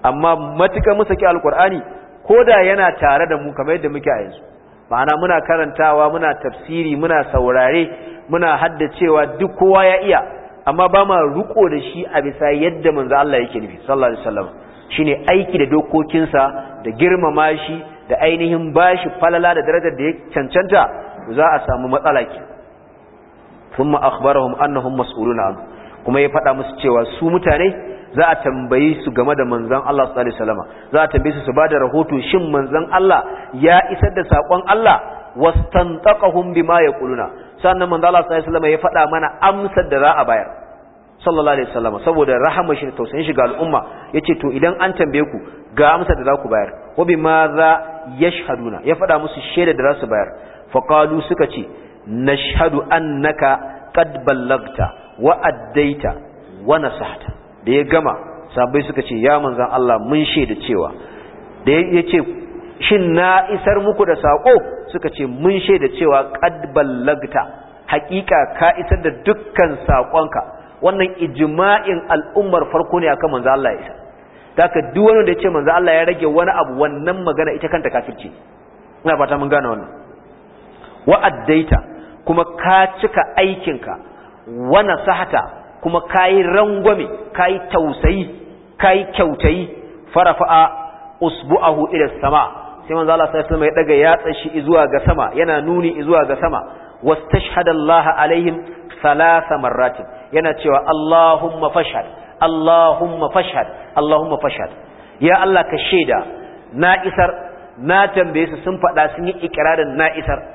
amma matuka mu saki alkur'ani koda yana tare da mu kamar yadda muke a yanzu ma'ana muna karantawa muna tafsiri muna saurare muna haddacewa duk kowa ya iya amma ba ma riko da shi a bisa yadda manzo Allah yake nufi sallallahu alaihi wasallam shine aiki da dokokinsa da girmama shi da ainihin bashi falala da darajar da ya cancanta za a samu matsala thumma akhbarahum annahum mas'uluna an kuma ya faɗa musu cewa su mutane za a tambayi su game da manzan Allah sallallahu alaihi wasallam za a tambayi su su bada rahoto shin manzan Allah ya isar da sakon Allah wastantaqahum bima yaquluna sannan manzan Allah sallallahu alaihi wasallam ya faɗa mana amsar da za a bayar sallallahu alaihi wasallam saboda rahama shi da tausayin shi ga al'umma yace to idan an tambaye ku ga amsa da za ku bayar wa bima za yashhaduna ya faɗa musu shaida da za su bayar faqalu suka ce nashhadu annaka qad ballagta wa addaita wa nasahta da ya gama sabai suka ce ya manzan Allah mun shaida cewa da ya ce shin na isar muku da sako suka ce mun shaida cewa qad ballagta hakika ka isar da dukkan sakonka wannan ijma'in al'ummar farko ne akan manzan Allah ya isa daga duk wani ya ce manzo Allah ya rage wani abu wannan magana ita kanta kafirci ina fata mun gane wannan wa addaita kuma ka cika aikinka wana sahata kuma kayi rangwame kayi tausayi kayi kyautayi farafa'a usbu'ahu ila sama sai manzo Allah sallallahu alaihi ya daga yatsa shi zuwa ga sama yana nuni zuwa ga sama wastashhada Allah alaihim thalatha marratin yana cewa Allahumma fashhad Allahumma fashhad Allahumma fashhad ya Allah ka shaida na isar na tambaye su sun faɗa sun yi ikirarin na isar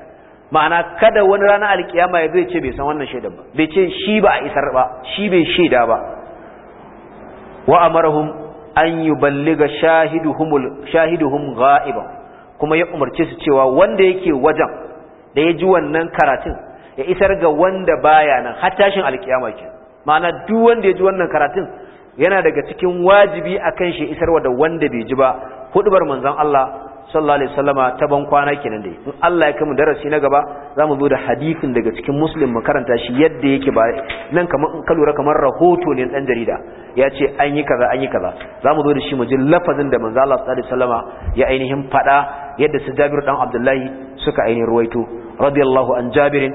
ma'ana kada wani rana alkiyama ya zai ce bai san wannan shaidan ba bai ce shi ba a isar ba shi bai shaida ba wa amarahum an yuballiga shahiduhum shahiduhum ghaiban kuma ya umarci su cewa wanda yake wajen da ya ji wannan karatun ya isar ga wanda baya nan har tashin alkiyama ke ma'ana duk wanda ya ji wannan karatun yana daga cikin wajibi akan shi isarwa da wanda bai ji ba hudubar manzon Allah sallallahu alaihi wasallama ta ban kwana kenan dai in Allah ya kaimu darasi na gaba zamu zo da hadisin daga cikin muslim mu karanta shi yadda yake ba nan kamar in ka lura kamar rahoto ne dan jarida ya ce an yi kaza an yi kaza zamu zo da shi mu ji lafazin da manzo Allah sallallahu alaihi wasallama ya ainihin fada yadda su Jabir dan Abdullahi suka ainihin ruwaito radiyallahu an Jabir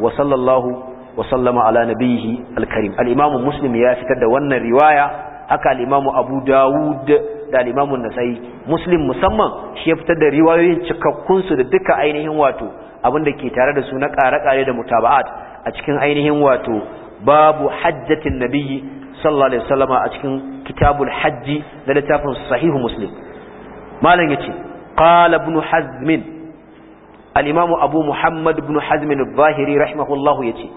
wa sallallahu wa sallama ala nabiyhi al-karim al-imamu muslim ya fitar da wannan riwaya haka al-imamu Abu Dawud da limamun nasai muslim musamman shi ya fitar da riwayoyin cikakkunsu da duka ainihin wato abinda ke tare da su na ƙare-ƙare da mutaba'at a cikin ainihin wato babu hajjatin nabiyyi sallallahu alaihi wasallama a cikin kitabul hajji da littafin sahihu muslim malam yace qala ibn hazm al-imam abu muhammad ibn hazm al-zahiri rahimahullahu yace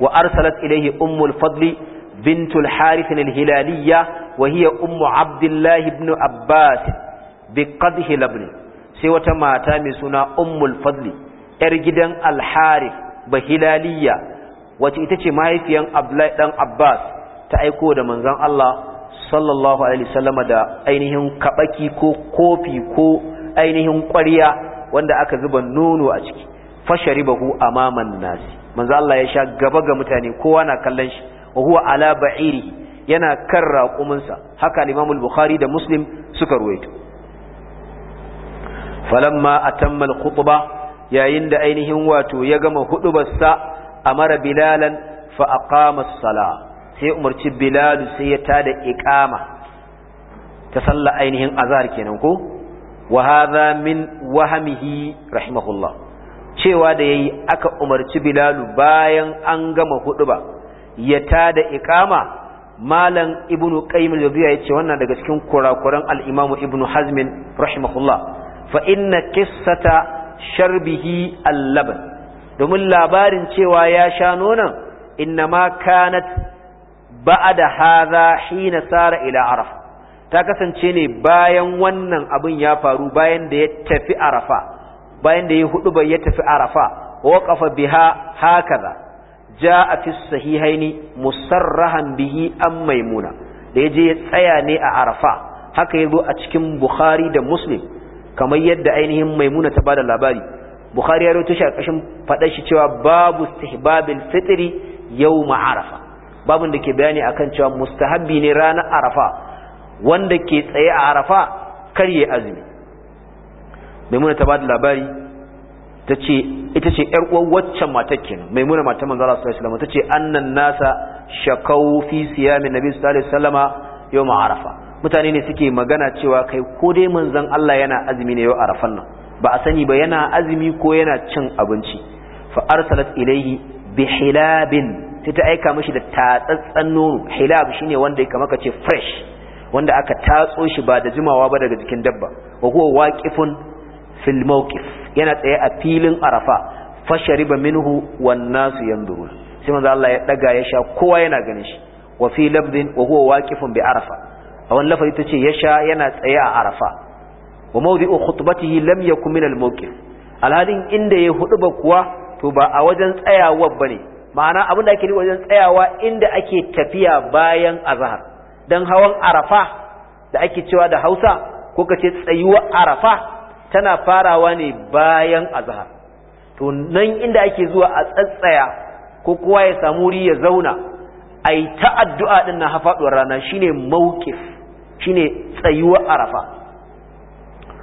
wa arsalat ilayhi ummul fadli bintul harith al-hilaliyya وهي أم عبد الله بن عباس بقده لبن سوى تماتا من سنة أم الفضل أرجدا الحارف بهلالية وتأتي ما هي في عبد الله بن عباس تأيكو دا منزان الله صلى الله عليه وسلم دا أينهم كبكي كو كوفي كو أينهم قرية وأن أكا زبا نون وأجكي fasharibahu amaman nasi manzo Allah ya sha gaba ga mutane kowa na kallon shi wa huwa ala ba'iri yana kan raƙuminsa haka limamul bukhari da muslim suka ruwaito falamma atamma al-khutba yayin da ainihin wato ya gama hudubarsa amara bilalan fa aqama as-sala sai umarci bilal sai ya tada iqama ta salla ainihin azhar kenan ko wa hadha min wahmihi rahimahullah cewa da yayi aka umarci bilal bayan an gama huɗuba ya tada iqama malam ibnu qayyim al ya yace wannan daga cikin kurakuran al-imamu ibnu hazm rahimahullah fa inna qissata sharbihi al-laban domin labarin cewa ya sha nonon ma kanat ba'da hadha hina sara ila arafa ta kasance ne bayan wannan abin ya faru bayan da ya tafi arafa bayan da ya hudu bai ya tafi arafa waqafa biha hakaza ja a fi sahihaini musarrahan bihi an maimuna da yaje ya tsaya ne a arafa haka ya zo a cikin bukhari da muslim kamar yadda ainihin maimuna ta bada labari bukhari ya rawaito shi a kashin fadar shi cewa babu istihbabil fitri yawm arafa babun da ke bayani akan cewa mustahabbi ne ranar arafa wanda ke tsaye a arafa kar ya azumi maimuna ta bada labari tace ita ce yar uwar waccan matar kenan muna matar manzo Allah sallallahu alaihi wasallam tace annan nasa shakau fi siyamin nabi sallallahu alaihi wasallama ma arafa mutane ne suke magana cewa kai ko dai manzon Allah yana azumi ne yau arafan nan ba a sani ba yana azumi ko yana cin abinci fa arsalat Ilaihi bi hilabin sai ta aika mishi da tatsatsan nono hilab shine wanda kamar ka ce fresh wanda aka tatso shi ba da jimawa ba daga jikin dabba wa huwa waqifun في الموقف yana tsaye a filin arafa fashariba minhu wan nasu yanzurun sai manzo Allah ya daga ya sha kowa yana ganin shi wa fi labdin wa huwa waqifun bi arafa a wannan lafazi tace ya sha yana tsaye a arafa wa mawdi'u khutbatihi lam yakun min al mawqif inda ya hudu ba kuwa to ba a wajen tsayawa bane ma'ana abin da ake wajen tsayawa inda ake tafiya bayan azhar dan hawan arafa da ake cewa da Hausa ko kace tsayuwa arafa tana farawa ne bayan azhar to nan inda ake zuwa a tsatsaya ko kowa ya samu wuri ya zauna ai ta addu'a din na hafaduwar rana shine mawqif shine tsayuwar arafa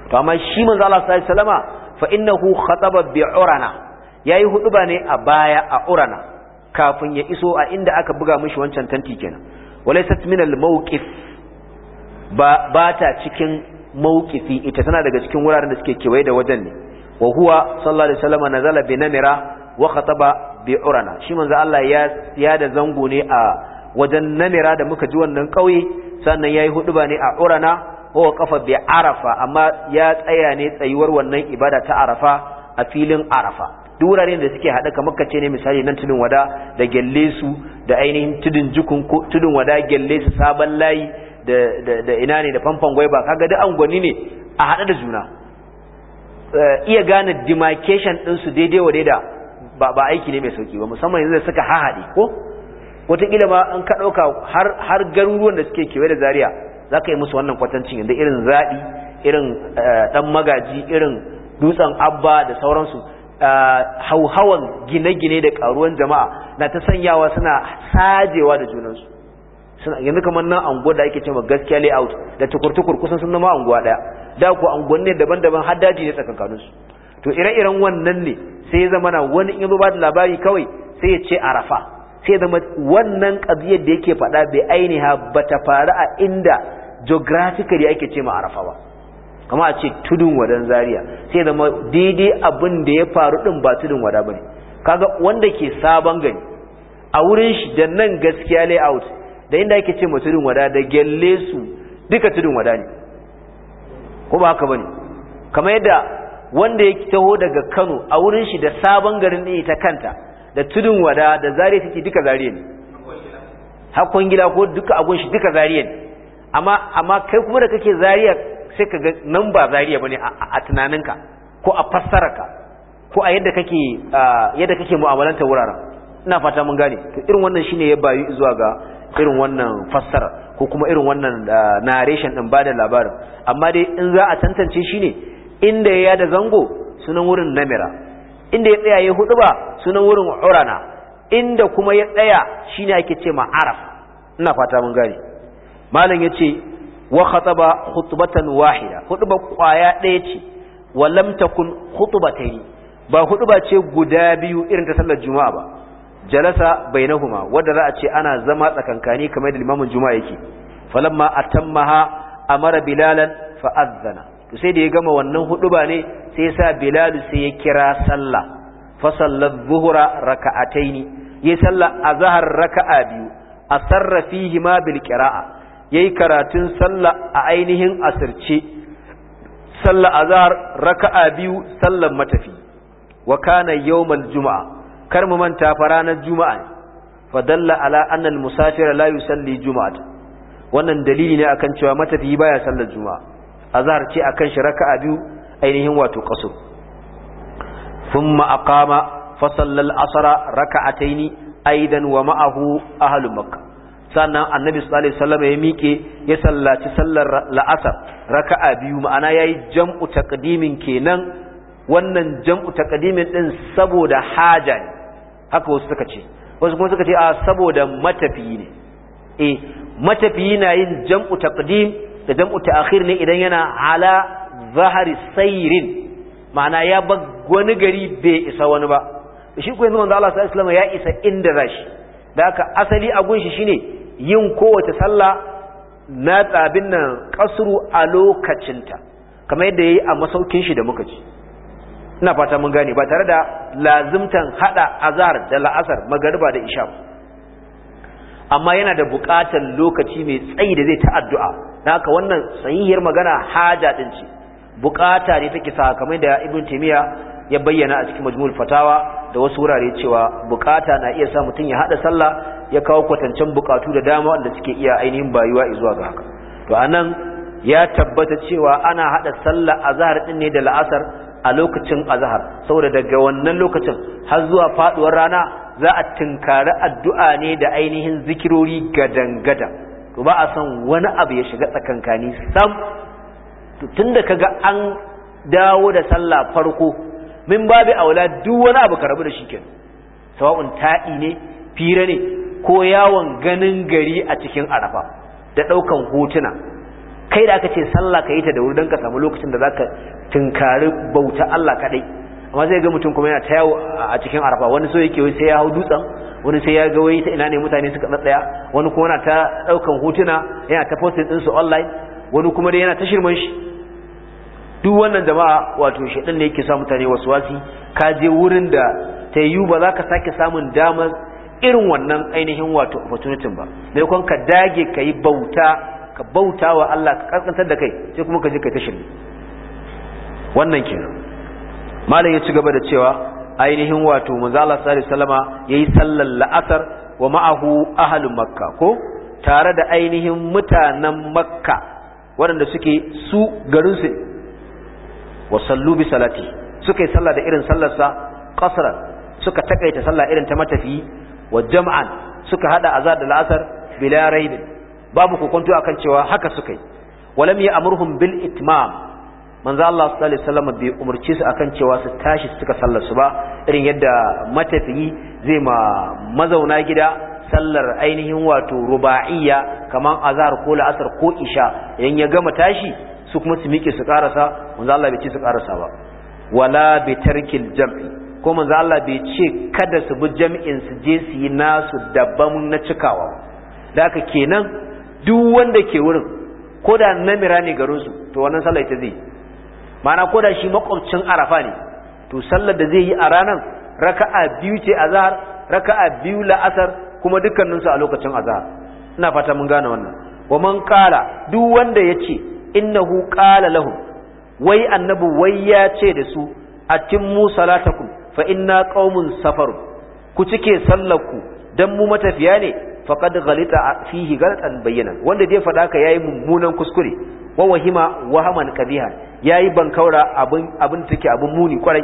to amma shi manzo Allah sai salama fa innahu khataba bi urana yayi huduba ne a baya a urana kafin ya iso a inda aka buga mishi wancan tanti kenan walaysat min al mawqif ba ba ta cikin mawqifi ita tana daga cikin wuraren da suke kewaye da wajen ne wa huwa sallallahu alaihi wasallam nazala bi namira wa khataba bi urana shi manzo Allah ya ya da zango ne a wajen namira da muka ji wannan kauye sannan yayi huduba ne a urana wa kafa bi arafa amma ya tsaya ne tsayuwar wannan ibada ta arafa a filin arafa duk wuraren da suke haɗa kamar kace ne misali nan tudun wada da gelle su da ainihin tudun jukun ko tudun wada gelle su sabon layi da ina ne da famfan gwaiba kaga duk angwani ne a haɗe da juna eh, iya gane demarcation su daidai wa daida ba aiki ne mai sauki ba musamman yanzu suka hahaɗe ko wataƙila ma an ka ɗauka har garuruwan da suke kewaye da zaria za ka yi musu wannan kwatancin yadda irin zaɗi irin eh, ɗan magaji irin dutsen abba da sauransu eh, hauhawan gine-gine da ƙaruwan jama'a na ta sanyawa suna sajewa da junansu yanzu kamar na anguwa da ake cewa gaskiya layout da tukurtukur tukur kusan sun zama anguwa ɗaya da ku anguwanni daban-daban har daji ne tsakankanin su to ire-iren wannan ne sai ya zama na wani in ba da labari kawai sai ya ce arafa sai zama wannan kabiyar da yake faɗa bai ainiha ba ta faru a inda geographically ake ce arafa ba kama a ce tudun wadan zaria sai zama daidai abin da ya faru din ba tudun wada bane kaga wanda ke sabon gani a wurin shi da nan gaskiya layout da inda yake ce tudun wada da gyalle su duka tudun wada ne ko ba haka bane kamar yadda wanda yake taho daga Kano a wurin shi da sabon garin ne ta kanta da tudun wada da zariya take duka zariya ne hakon gida ko duka abun shi duka zariya ne amma amma kai kuma da kake zariya sai ka ga nan ba zariya bane a tunaninka ko a fassararka ko a yadda kake yadda kake mu'amalanta wuraren ina fata mun gane irin wannan shine ya bayu zuwa ga irin wannan fassara ko kuma irin wannan ah, narration din ba da labarin amma dai in za a tantance shi ne inda ya yada zango sunan wurin namira inda ya tsaya ya hudu ba sunan wurin urana inda kuma ya tsaya shi ne ake ce ma araf ina fata mun gane malam ya ce wa khataba khutbatan wahida huɗuba kwaya ɗaya ce wa lam takun khutbatayn ba ba ce guda biyu irin ta sallar juma'a ba jalasa bainahuma wanda za a ce ana zama tsakankani kamar da limamin juma'a yake falamma atammaha amara bilalan fa'azzana to sai da ya gama wannan ba ne sai sa bilal sai ya kira sallah fa sallat zuhra raka'ataini yayi sallah azhar raka'a biyu asarra fihi ma bil qira'a yayi karatun sallah a ainihin asirce sallah azhar raka'a biyu sallan matafi wa kana yawmal juma'a kar mu manta fa ranar juma'a ne fa dalla ala anna al musafir la yusalli juma'at wannan dalili ne akan cewa matafiyi baya sallar juma'a azhar ce akan shi raka'a biyu ainihin wato qasr thumma aqama fa sallal asra raka'ataini aidan wa ma'ahu ahlu makkah sannan annabi sallallahu alaihi wasallam ya mike ya sallaci sallar la'asar raka'a biyu ma'ana yayi jam'u taqdimin kenan wannan jam'u taqdimin din saboda haja ne haka wasu suka ce wasu kuma suka ce a saboda matafiyi ne eh matafiyi na yin jam'u taqdim da jam'u ta'khir ne idan yana ala zahari sayrin ma'ana ya ba wani gari bai isa wani ba shi ko yanzu manzo Allah sallallahu alaihi wasallam ya isa inda zashi da haka asali a gunshi shine yin kowace sallah na tsabin nan kasru a lokacinta kamar yadda yayi a masaukin shi da muka ci ina fata mun gane ba tare da lazimtan hada azhar da la'asar magariba da isha amma yana da buƙatar lokaci mai tsayi da zai ta addu'a haka wannan sahihiyar magana haja din ce buƙata ne take sa kamar da ibn timiya ya bayyana a cikin majmu'ul fatawa da wasu wurare cewa buƙata na iya sa mutum ya hada sallah ya kawo kwatancen bukatu da dama wanda suke iya ainihin bayuwa zuwa ga haka to anan ya tabbata cewa ana hada sallah azhar din ne da la'asar a lokacin azhar saboda daga wannan lokacin har zuwa faduwar rana za a tinkari addu'a ne da ainihin zikirori gadangada to ba a san wani abu ya shiga tsakankani sam to tunda kaga an dawo da sallah farko min babu aula duk wani abu ka rabu da shi kenan sawa'un ta'i ne fira ne ko yawon ganin gari a cikin arafa da daukan hotuna kai da aka ce sallah ka yi ta da wuri don ka samu lokacin da za ka tunkari bauta Allah kaɗai amma zai ga mutum kuma yana ta yawo a cikin arafa wani so yake sai ya hau dutsen wani sai ya ga wai ta ina ne mutane suka tsatsaya wani kuma yana ta daukan hotuna yana ta posting din su online wani kuma dai yana ta shirman shi duk wannan jama'a wato shedan ne yake sa mutane wasu wasi ka je wurin da ta yiwu ba za ka sake samun damar irin wannan ainihin wato opportunity ba maimakon ka dage ka yi bauta ka bauta wa Allah ka kaskantar da kai sai kuma ka ji kai ta wannan kenan malam ya ci gaba da cewa ainihin wato manzo Allah sallallahu alaihi wasallama yayi sallar la'asar wa ma'ahu ahlu makka ko tare da ainihin mutanen makka waɗanda suke su garin su wa sallu bi salati suka yi sallah da irin sallarsa qasran suka takaita sallah irin ta matafi wa jam'an suka hada azar da la'asar bila raibin babu kokonto akan cewa haka suka yi walam ya amurhum bil itmam manzo Allah sallallahu alaihi wasallam bai umurce su akan cewa su tashi suka sallar su ba irin yadda matafiyi zai ma mazauna gida sallar ainihin wato ruba'iyya kamar azhar ko la'asar ko isha idan ya gama tashi su kuma su miƙe su karasa manzo Allah bai ce su karasa ba wala bi tarkil jam'i ko manzo Allah bai ce kada su bi jami'in su je su yi nasu daban na cikawa da haka kenan duk wanda ke wurin ko da namira ne garinsu to wannan sallar ita zai mana ko da shi makwabcin arafa ne to sallar da zai yi a ranar raka'a biyu ce a zahar raka'a biyu la'asar kuma dukkaninsu a lokacin azhar ina fata mun gane wannan wa man qala duk wanda yace innahu qala lahu wai annabi wai ya ce da su a atimmu salatakum fa inna qaumun safar ku cike sallar ku dan mu matafiya ne faqad ghalita fihi ghalatan bayyana wanda dai faɗa ka yayi mummunan kuskure wa wahima wahaman qabiha yayi bankaura abin abin take abin muni kwarai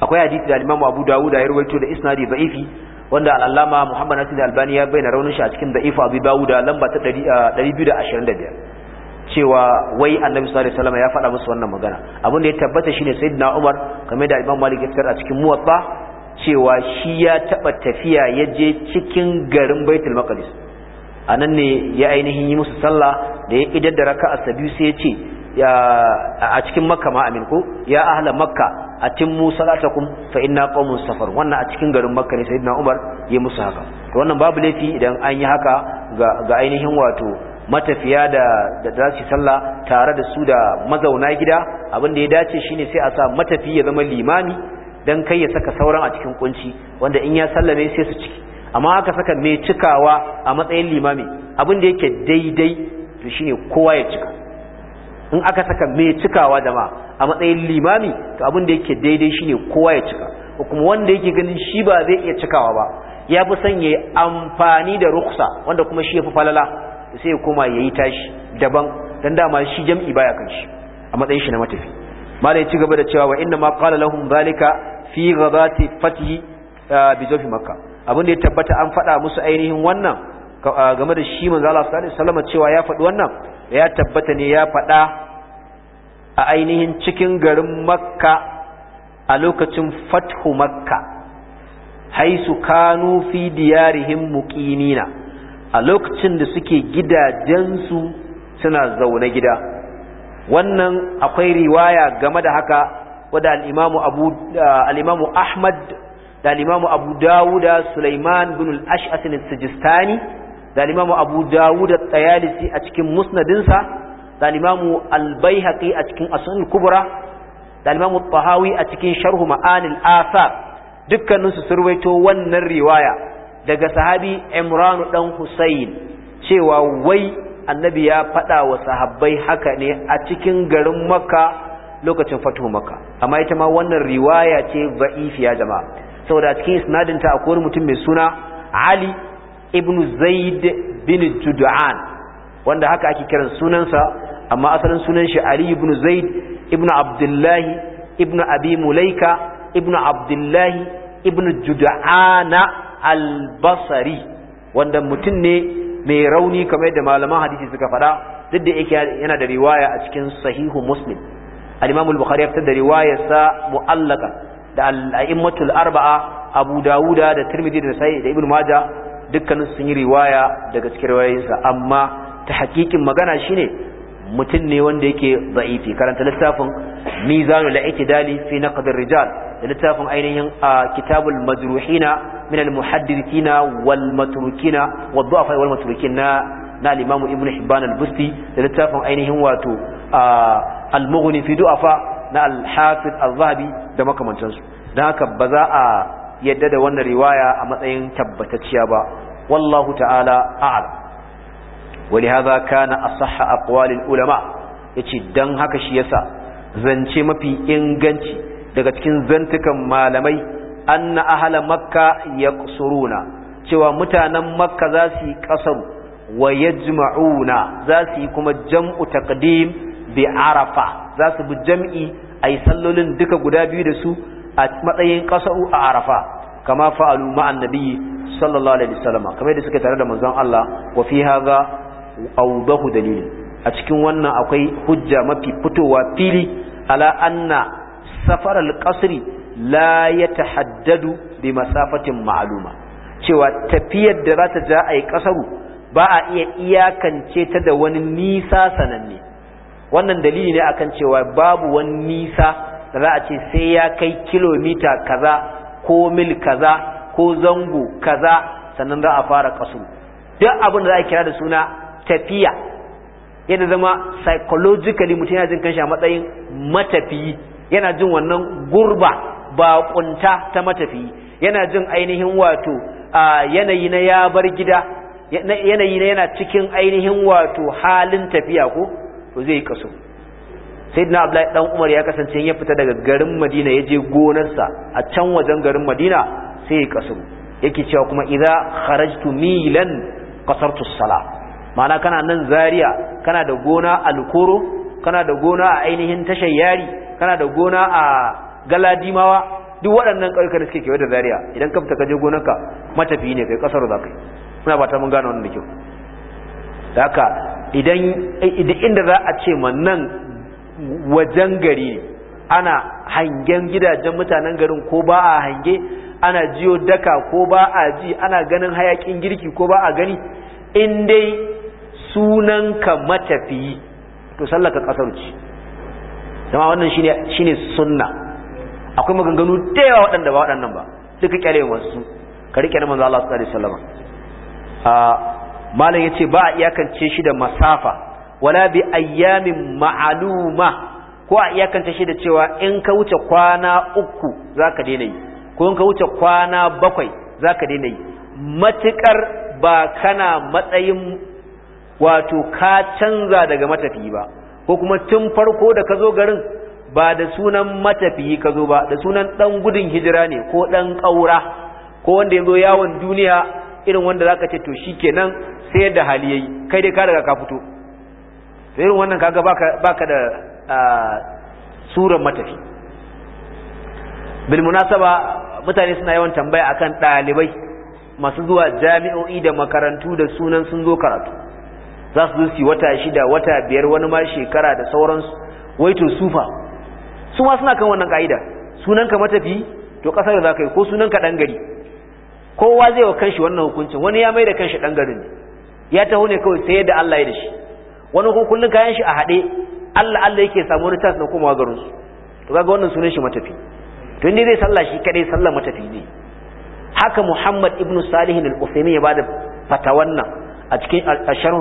akwai hadisi da Imam Abu Dawud ya rawaito da isnadi da'ifi wanda al-Allama Muhammad Nasir Albani ya bayyana raunin shi a cikin da'ifa Abu Dawud lamba ta 225 ah, cewa wai annabi sallallahu alaihi wasallam ya faɗa musu wannan magana abin da ya tabbata shine sayyidina Umar kamar da Imam Malik ya fitar a cikin Muwatta cewa shi ya taɓa tafiya ya je cikin garin baitul maqdis a nan ne ya ainihin yi musu sallah da ya idar da raka'a sabiyu sai ya ce a cikin makka ma amin ko ya ahla makka atimmu salatakum fa inna qaumun safar wannan a cikin garin makka ne sayyidina umar ya musu haka to wannan babu laifi idan an yi haka ga ainihin wato matafiya da da za su sallah tare da su da mazauna gida abin da ya dace shine sai a sa matafi ya zama limami dan kai ya saka sauran a cikin kunci wanda in ya sallame sai su ciki amma aka saka mai cikawa a matsayin limami abin da yake daidai to shine kowa ya cika in aka saka mai cikawa da ma a matsayin limami to abin da yake daidai shine kowa ya cika kuma wanda yake ganin shi ba zai iya cikawa ba ya fi son ya amfani da ruksa wanda kuma shi ya fi falala sai ya koma ya yi tashi daban dan dama shi jam'i baya kan shi a matsayin shi na matafi malai ci gaba da cewa wa inna ma qala lahum zalika fi gabati fatihi ah, bi jofi makka abin da ya tabbata an faɗa musu ainihin wannan ah, game da shi manzo Allah sallallahu alaihi wasallam cewa ya faɗi wannan ya tabbata ne ya faɗa a ainihin cikin garin makka a lokacin fathu makka haisu kanu fi diyarihim muqinina a lokacin da suke gidajensu suna zaune gida wannan akwai riwaya game da haka wadda uh, al'imamu ahmad da al'imamu abu dawuda suleiman bin al'ash'asin sijistani da al'imamu abu dawuda tsayalisi a cikin musnadinsa da al'imamu albaihaqi a cikin asunan kubra da al'imamu tahawi a cikin sharhu ma'anil asar dukkaninsu surwaito wannan riwaya daga sahabi imranu dan husayn cewa wai annabi ya faɗa wa sahabbai haka ne a cikin garin makka lokacin fatuhu makka amma ita ma wannan riwaya ce ya jama'a saboda cikin isnadin ta akwai mutum mai suna Ali ibn Zaid bin Jud'an wanda haka ake kiran sunansa amma asalin sunan shi Ali ibn Zaid ibn Abdullah ibn Abi Mulaika ibn Abdullah ibn Jud'an al-Basri wanda mutum ne mai rauni kamar da malaman hadisi suka faɗa duk da yake yana da riwaya a cikin sahihu Muslim al-imam al-bukhari ya fitar da riwayar sa mu'allaka da al-a'immatul arba'a abu dawuda da tirmidhi da sai da ibnu majah dukkanin sun yi riwaya daga cikin rawayinsa amma ta hakikin magana shine mutum ne wanda yake za'ifi karanta littafin mizanul i'tidali fi naqd ar-rijal da littafin ainihin kitabul majruhina min al-muhaddithina wal matrukina wad na al-imam ibnu hibban al-busti da littafin ainihin wato al-mughni fi du'afa na al-hafiz al-zahabi da makamantansu dan haka ba za a yadda da wannan riwaya a matsayin tabbatacciya ba wallahu ta'ala a'lam ولهذا كان أصح أقوال العلماء yace dan haka shi yasa zance mafi inganci daga cikin zantukan malamai anna Ahala makka yaqsuruna cewa mutanen makka za su yi kasaru wa yajma'una za su yi kuma jam'u taqdim bi arafa za su bi jam'i a yi sallolin duka guda biyu da su a matsayin ƙasa'u a arafa kama fa'alu ma'an nabi sallallahu alaihi wasallam kamar da suka tare da manzon Allah wa fi hadha awdahu dalil a cikin wannan akwai hujja mafi fitowa fili ala anna safar al-qasri la yatahaddadu bi masafatin ma'luma cewa tafiyar da za ta ja a yi ƙasaru ba a iya iyakance ta da wani nisa sananne wannan dalili ne akan cewa babu wani nisa da za a ce sai ya kai kilomita kaza ko mil kaza ko zango kaza sannan za a fara kasu duk abin da za a kira da suna tafiya yana zama psychologically mutum yana jin kanshi a matsayin matafiyi yana jin wannan gurba baƙunta ta matafiyi yana jin ainihin wato yanayi na ya bar gida yanayi na yana cikin ainihin wato halin tafiya ko to zai yi kaso sayyidina abdullahi dan umar ya kasance ya fita daga garin madina ya je gonarsa a can wajen garin madina sai ya kaso yake cewa kuma idza kharajtu milan qasartu Sala ma'ana kana nan Zariya kana da gona alkoro kana da gona a ainihin tashar yari kana da gona a galadimawa duk waɗannan ƙauyukan da suke kewaye da zaria idan ka fita ka je gonarka matafi ne kai kasar da kai muna ba ta mun gane wannan da kyau haka idan inda za a ce ma nan wajen gari ana hangen gidajen mutanen garin ko ba a hange ana jiyo daka ko ba a ji ana ganin hayakin girki ko ba a gani in dai sunanka matafiyi to sallaka kasar ce zama wannan shine shine sunna akwai maganganu da yawa waɗanda ba waɗannan ba duka kyale wasu ka rike na manzo Allah sallallahu alaihi wasallam ah, malam ya ce ba a iyakance shi da masafa wala bi ayyamin ma'aluma ko a iyakance shi da cewa in ka wuce kwana uku zaka daina yi ko in ka wuce kwana bakwai zaka daina yi matukar ba kana matsayin wato ka canza daga matafiyi ba ko kuma tun farko da ka garin ba da sunan matafiyi ka zo ba da sunan ɗan gudun hijira ne ko dan ƙaura ko wanda ya zo yawon duniya irin wanda zaka ce to shi shikenan sai yadda hali yayi kai dai ka daga ka fito to irin wannan kaga baka baka da surar matafi bil munasaba mutane suna yawan tambaya akan dalibai masu zuwa jami'o'i da makarantu da sunan sun zo karatu za su zuci wata shida wata biyar wani ma shekara da sauransu wai to sufa su ma suna kan wannan ka'ida sunan ka matafi to kasar da za ka yi ko sunan ka dan gari kowa zai wa kanshi wannan hukuncin wani ya mai da kanshi dan garin ne ya taho ne kawai sai da Allah ya da shi wani kuma kullun kayan shi a haɗe Allah Allah yake samu wani tas na komawa garin su to kaga wannan sunan shi matafi to inda zai sallah shi kadai sallah matafi ne haka Muhammad ibn Salih al-Uthaymeen ya bada fatawan nan a cikin al-Sharh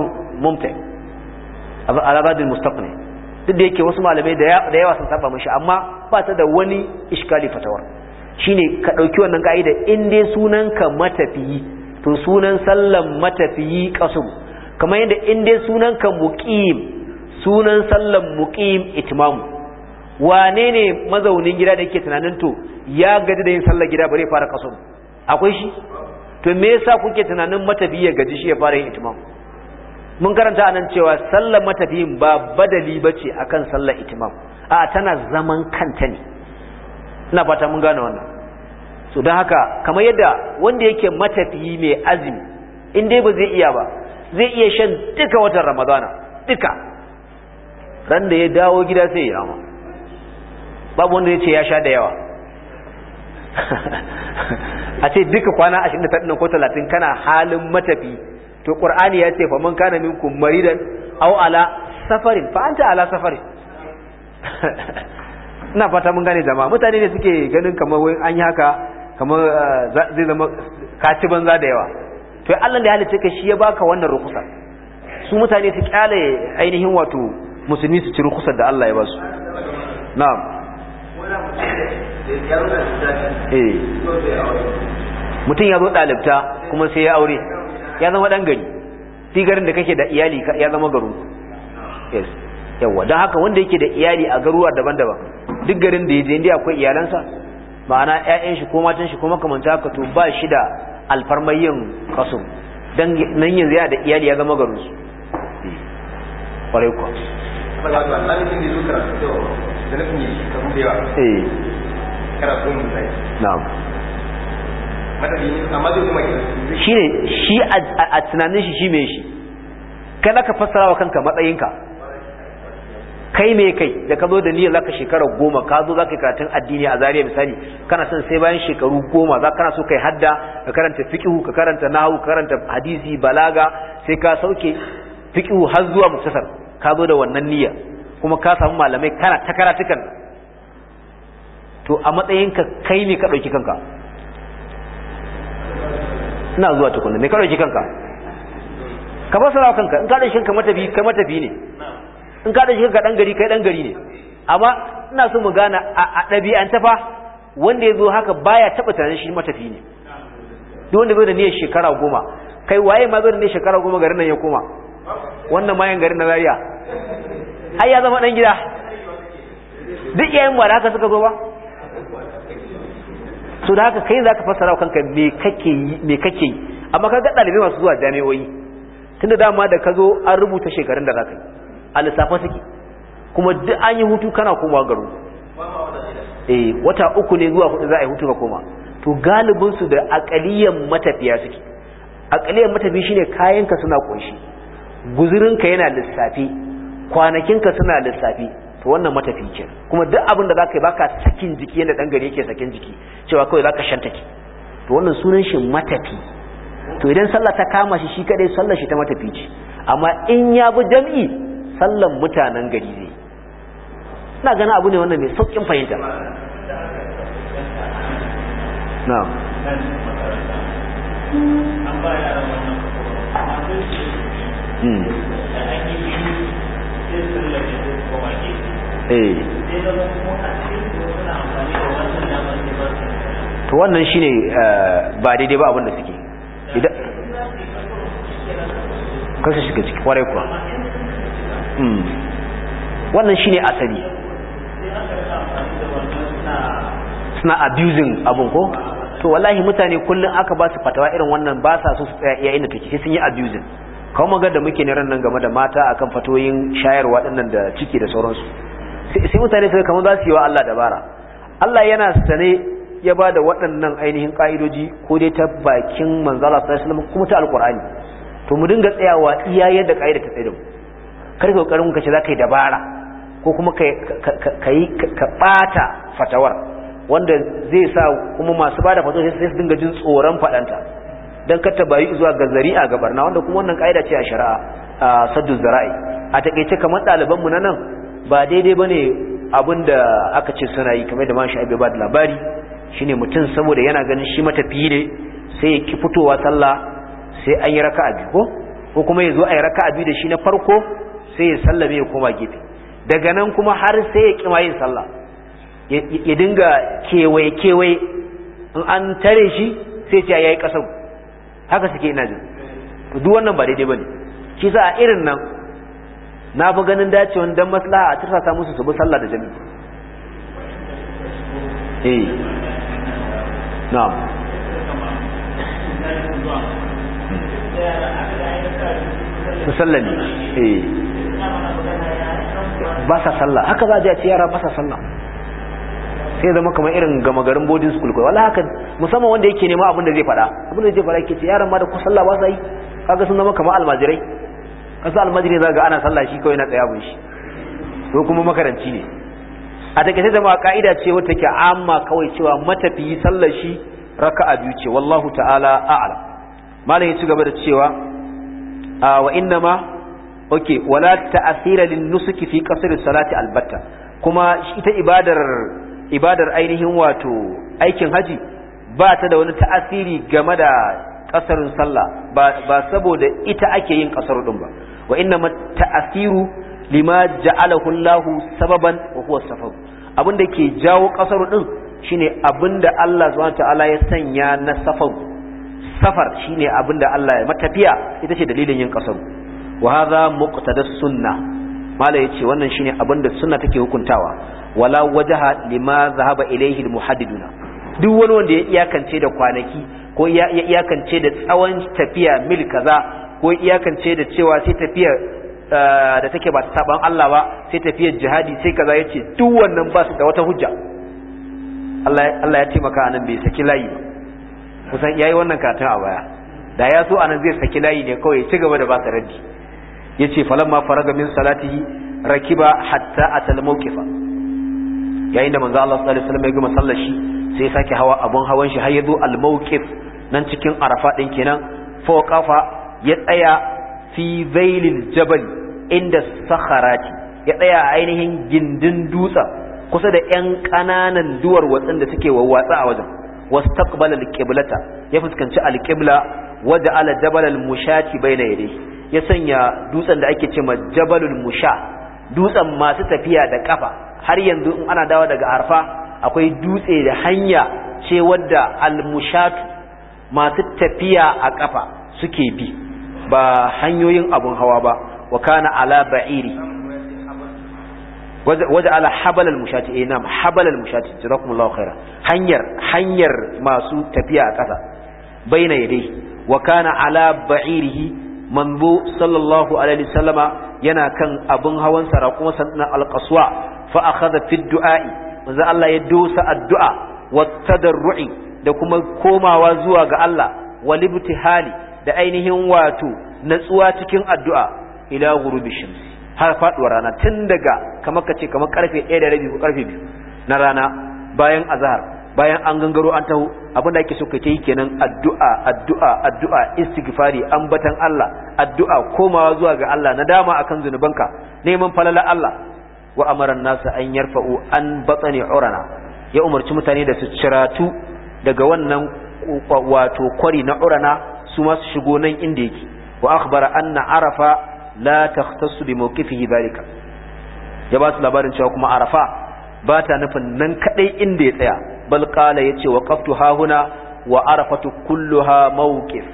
a al-Abad al-Mustaqni duk da yake wasu malamai da yawa sun saba mishi amma ba ta da wani iskali fatawar shine ka dauki wannan ka'ida in dai sunanka matafiyi to sunan sallan matafiyi kasum kamar yadda in dai sunan ka muqim sunan sallan muqim itmam wane ne mazaunin gida da yake tunanin to ya gaji da yin sallar gida bare fara kasum akwai shi to me yasa kuke tunanin matafiyi ya gaji shi ya fara yin itmam mun karanta anan cewa sallar matafiyin ba badali bace akan sallar itmam a tana zaman kanta ne ina fata mun gane wannan so don haka kamar yadda wanda yake matafiyi mai azumi in dai ba zai iya ba zai iya shan duka watan ramadana duka ran da ya dawo gida sai ya rama babu wanda ya ce ya sha da yawa a ce duka kwana 29 ko 30 kana halin matafi to qur'ani ya ce fa man kana minkum maridan aw ala safarin fa anta ala safarin ina fata mun gane jama'a mutane ne suke ganin kamar wani an yi haka kamar eh, zai zama kaci banza da yawa to Allah da halitta ka shi ya baka wannan rukusa su mutane su kyale ainihin wato musulmi su ci rukusar da Allah ya ba su na'am eh. mutum ya zo dalibta kuma sai ya aure ya zama dan gari sigarin da kake da iyali ya zama garu yawa don haka wanda yake da iyali a garuwa daban-daban duk garin da ya je inda akwai iyalansa ma'ana ƴaƴan shi ko matan shi ko makamanta haka to ba shi da alfarmayin kaso dan nan yanzu ya da iyali ya zama garin su kwarai kuwa eh. shi ne shi a tunanin shi shi mai shi kada ka fassara wa kanka matsayinka kai me kai da ka zo da niyyar zaka shekara goma ka zo zaka yi karatun addini a zariya misali kana son sai bayan shekaru goma za kana so kai hadda ka karanta fiqhu ka karanta nahwu ka karanta hadisi balaga sai ka sauke fiqhu har zuwa mutasar ka zo da wannan niyya kuma ka samu malamai kana ta karatukan to a matsayin ka kai ne ka dauki kanka ina zuwa tukunna me ka dauki kanka ka ba sarawa kanka in ka dauki kanka matafi kai matafi ne in ka shi ka ɗan gari kai ɗan gari ne amma ina so mu gane a ɗabi'an tafa wanda ya zo haka baya taɓa tunanin shi matafi ne duk wanda zai da niyyar shekara goma kai waye ma zai da niyyar shekara goma garin nan ya koma wannan mayan garin na zariya ai ya zama ɗan gida duk iyayen ma da haka suka zo ba so da haka kai za ka fassara kanka me kake yi me kake yi amma kaga dalibai ɗalibai masu zuwa jami'o'i tunda dama da ka zo an rubuta shekarun da za ka yi a lissafa suke kuma duk an yi hutu kana komawa garin eh wata uku ne zuwa hudu za a yi hutu ka koma to galibin da akaliyan matafiya suke akaliyan matafi shine kayanka suna kunshi guzurinka yana lissafi kwanakinka suna lissafi to wannan matafi ce kuma duk abin da zaka yi baka sakin jiki yadda dan gari yake sakin jiki cewa kawai zaka shantaki to wannan sunan shi matafi to idan sallah ta kama shi shi kadai sallar shi ta matafi ce amma in ya bi jami'i sallan mutanen gari ne ina gana abu ne wannan mai saukin fahimta hmm. eh. to wannan shine eh, ba daidai ba abin da suke idan kasu shiga ciki kwarai kuwa Hmm. wannan shine asali suna abusing abun ko to wallahi mutane kullum aka ba su fatawa irin wannan ba sa so su tsaya iya inda take sun yi abusing kawo maga da muke ran nan game da mata akan fatoyin shayarwa ɗinnan da ciki da sauransu sai mutane sai kamar za su yi wa Allah dabara Allah yana sane ya ba da waɗannan ainihin ƙa'idoji ko dai ta bakin manzala sallallahu alaihi wasallam kuma ta Alƙur'ani to mu dinga tsayawa iya da ƙa'ida ta tsaye da mu kar ka kokarin ka ce za ka yi dabara ko kuma ka yi ka bata fatawar wanda zai sa kuma masu bada fatawar sai su dinga jin tsoron fadanta dan kar ta bayi zuwa ga zari'a ga barna wanda kuma wannan kaida ce a shari'a a saddu zara'i a takeice kamar ɗaliban mu na nan ba daidai ba bane abinda aka ce suna yi kamar da man shi ba da labari shine mutum saboda yana ganin shi fi ne sai ya ki fitowa sallah sai an yi raka'a biyu ko ko kuma ya zo a yi raka'a biyu da shi na farko sai ya sallame ya koma gefe daga nan kuma har sai ya kima yin sallah ya dinga kewaye kewaye in an tare shi sai ce yayi kasa haka suke ina jin duk wannan ba daidai bane shi za a irin nan na fi ganin dacewan dan maslaha a tirsasa musu su bi sallah da jami'i eh na'am eh ba sa sallah haka za a ji ce yara ba sa sallah sai zama kamar irin gama garin bodin school kai wala haka musamman wanda yake nema abin da zai faɗa abin da zai faɗa yake ce yaran ma da ku sallah ba sa yi kaga sun zama kamar almajirai kasu almajirai za ga ana sallah shi kawai na tsaya bin shi ko kuma makaranci ne a takaice jama'a ka'ida ce wata ke amma kawai cewa matafiyi sallah shi raka'a biyu ce wallahu ta'ala a'lam malam ya ci gaba da cewa wa inna ma okay wala ta'athira lin nusuki fi qasr salati albatta kuma ita ibadar ibadar ainihin wato aikin haji ba ta da wani ta'asiri game da kasarin sallah ba saboda ita ake yin kasar din ba wa inna ma ta'asiru lima ja'alahu Allahu sababan wa huwa safab abinda ke jawo kasar din shine abinda Allah subhanahu ta'ala ya sanya na safar safar shine abinda Allah ya matafiya ita ce dalilin yin kasar wa hadha muqtada sunnah mala yace wannan shine abinda sunna take hukuntawa wala wajaha lima zahaba ilayhi almuhaddiduna duk wani wanda ya iyakance da kwanaki ko ya iyakance da tsawon tafiya mil kaza ko iyakance da cewa sai tafiya uh, da take ba ta saban Allah ba sai tafiyar jihadi sai kaza yace duk wannan ba su da wata hujja Allah Allah ya taimaka anan bai saki layi ba kusan yayi wannan katin a baya da ya so anan zai saki layi ne kawai ci gaba da ba raddi yace falamma faraga min salatihi rakiba hatta atal mawqifa yayin da manzo Allah sallallahu alaihi wasallam ya gama sallar shi sai ya sake hawa abun hawan shi har ya zo al mawqif nan cikin arafa din kenan Fo qafa ya tsaya fi zailil jabal inda sakharati ya tsaya a ainihin gindin dutsa kusa da yan kananan duwar watsin da suke wawwatsa a wajen wastaqbala al-qiblata ya fuskanci al-qibla waja'ala jabal al-mushati bayna yadayhi ya sanya dutsen da ake cewa jabalul musha dutsen masu tafiya da kafa har yanzu in ana dawo daga arfa akwai dutse da hanya ce wadda mushatu masu tafiya a kafa suke bi ba hanyoyin abun hawa ba wa kana ala ba'iri waje ala habal almushati eh nam habal almushati jazakumullahu khaira hanyar hanyar masu tafiya a kasa bayna yadai wa kana ala ba'irihi manzo sallallahu alaihi wasallama yana kan abin hawan sa kuma sanna alqaswa fa akhadha fi du'a'i manzo Allah ya dosa addu'a wa tadarru'i da kuma komawa zuwa ga Allah hali da ainihin wato natsuwa cikin addu'a ila ghurubi shamsi har faduwar rana tun daga kamar kace kamar karfe 1 da rabi ko karfe 2 na rana bayan azhar bayan an gangaro an taho da ake so ka yi kenan addu'a addu'a addu'a istighfari ambatan Allah addu'a komawa zuwa ga Allah na dama akan zunubanka neman falala Allah wa amaran nasa an yarfa'u an batsani urana ya umarci mutane da su ciratu daga wannan wato kwari na urana su ma su shigo nan inda yake wa akhbara anna arafa la takhtassu bi mawqifihi zalika ya ba su labarin cewa kuma arafa ba ta nufin nan kadai inda ya tsaya bal qala yace ha hahuna wa arafatu kulluha mawqif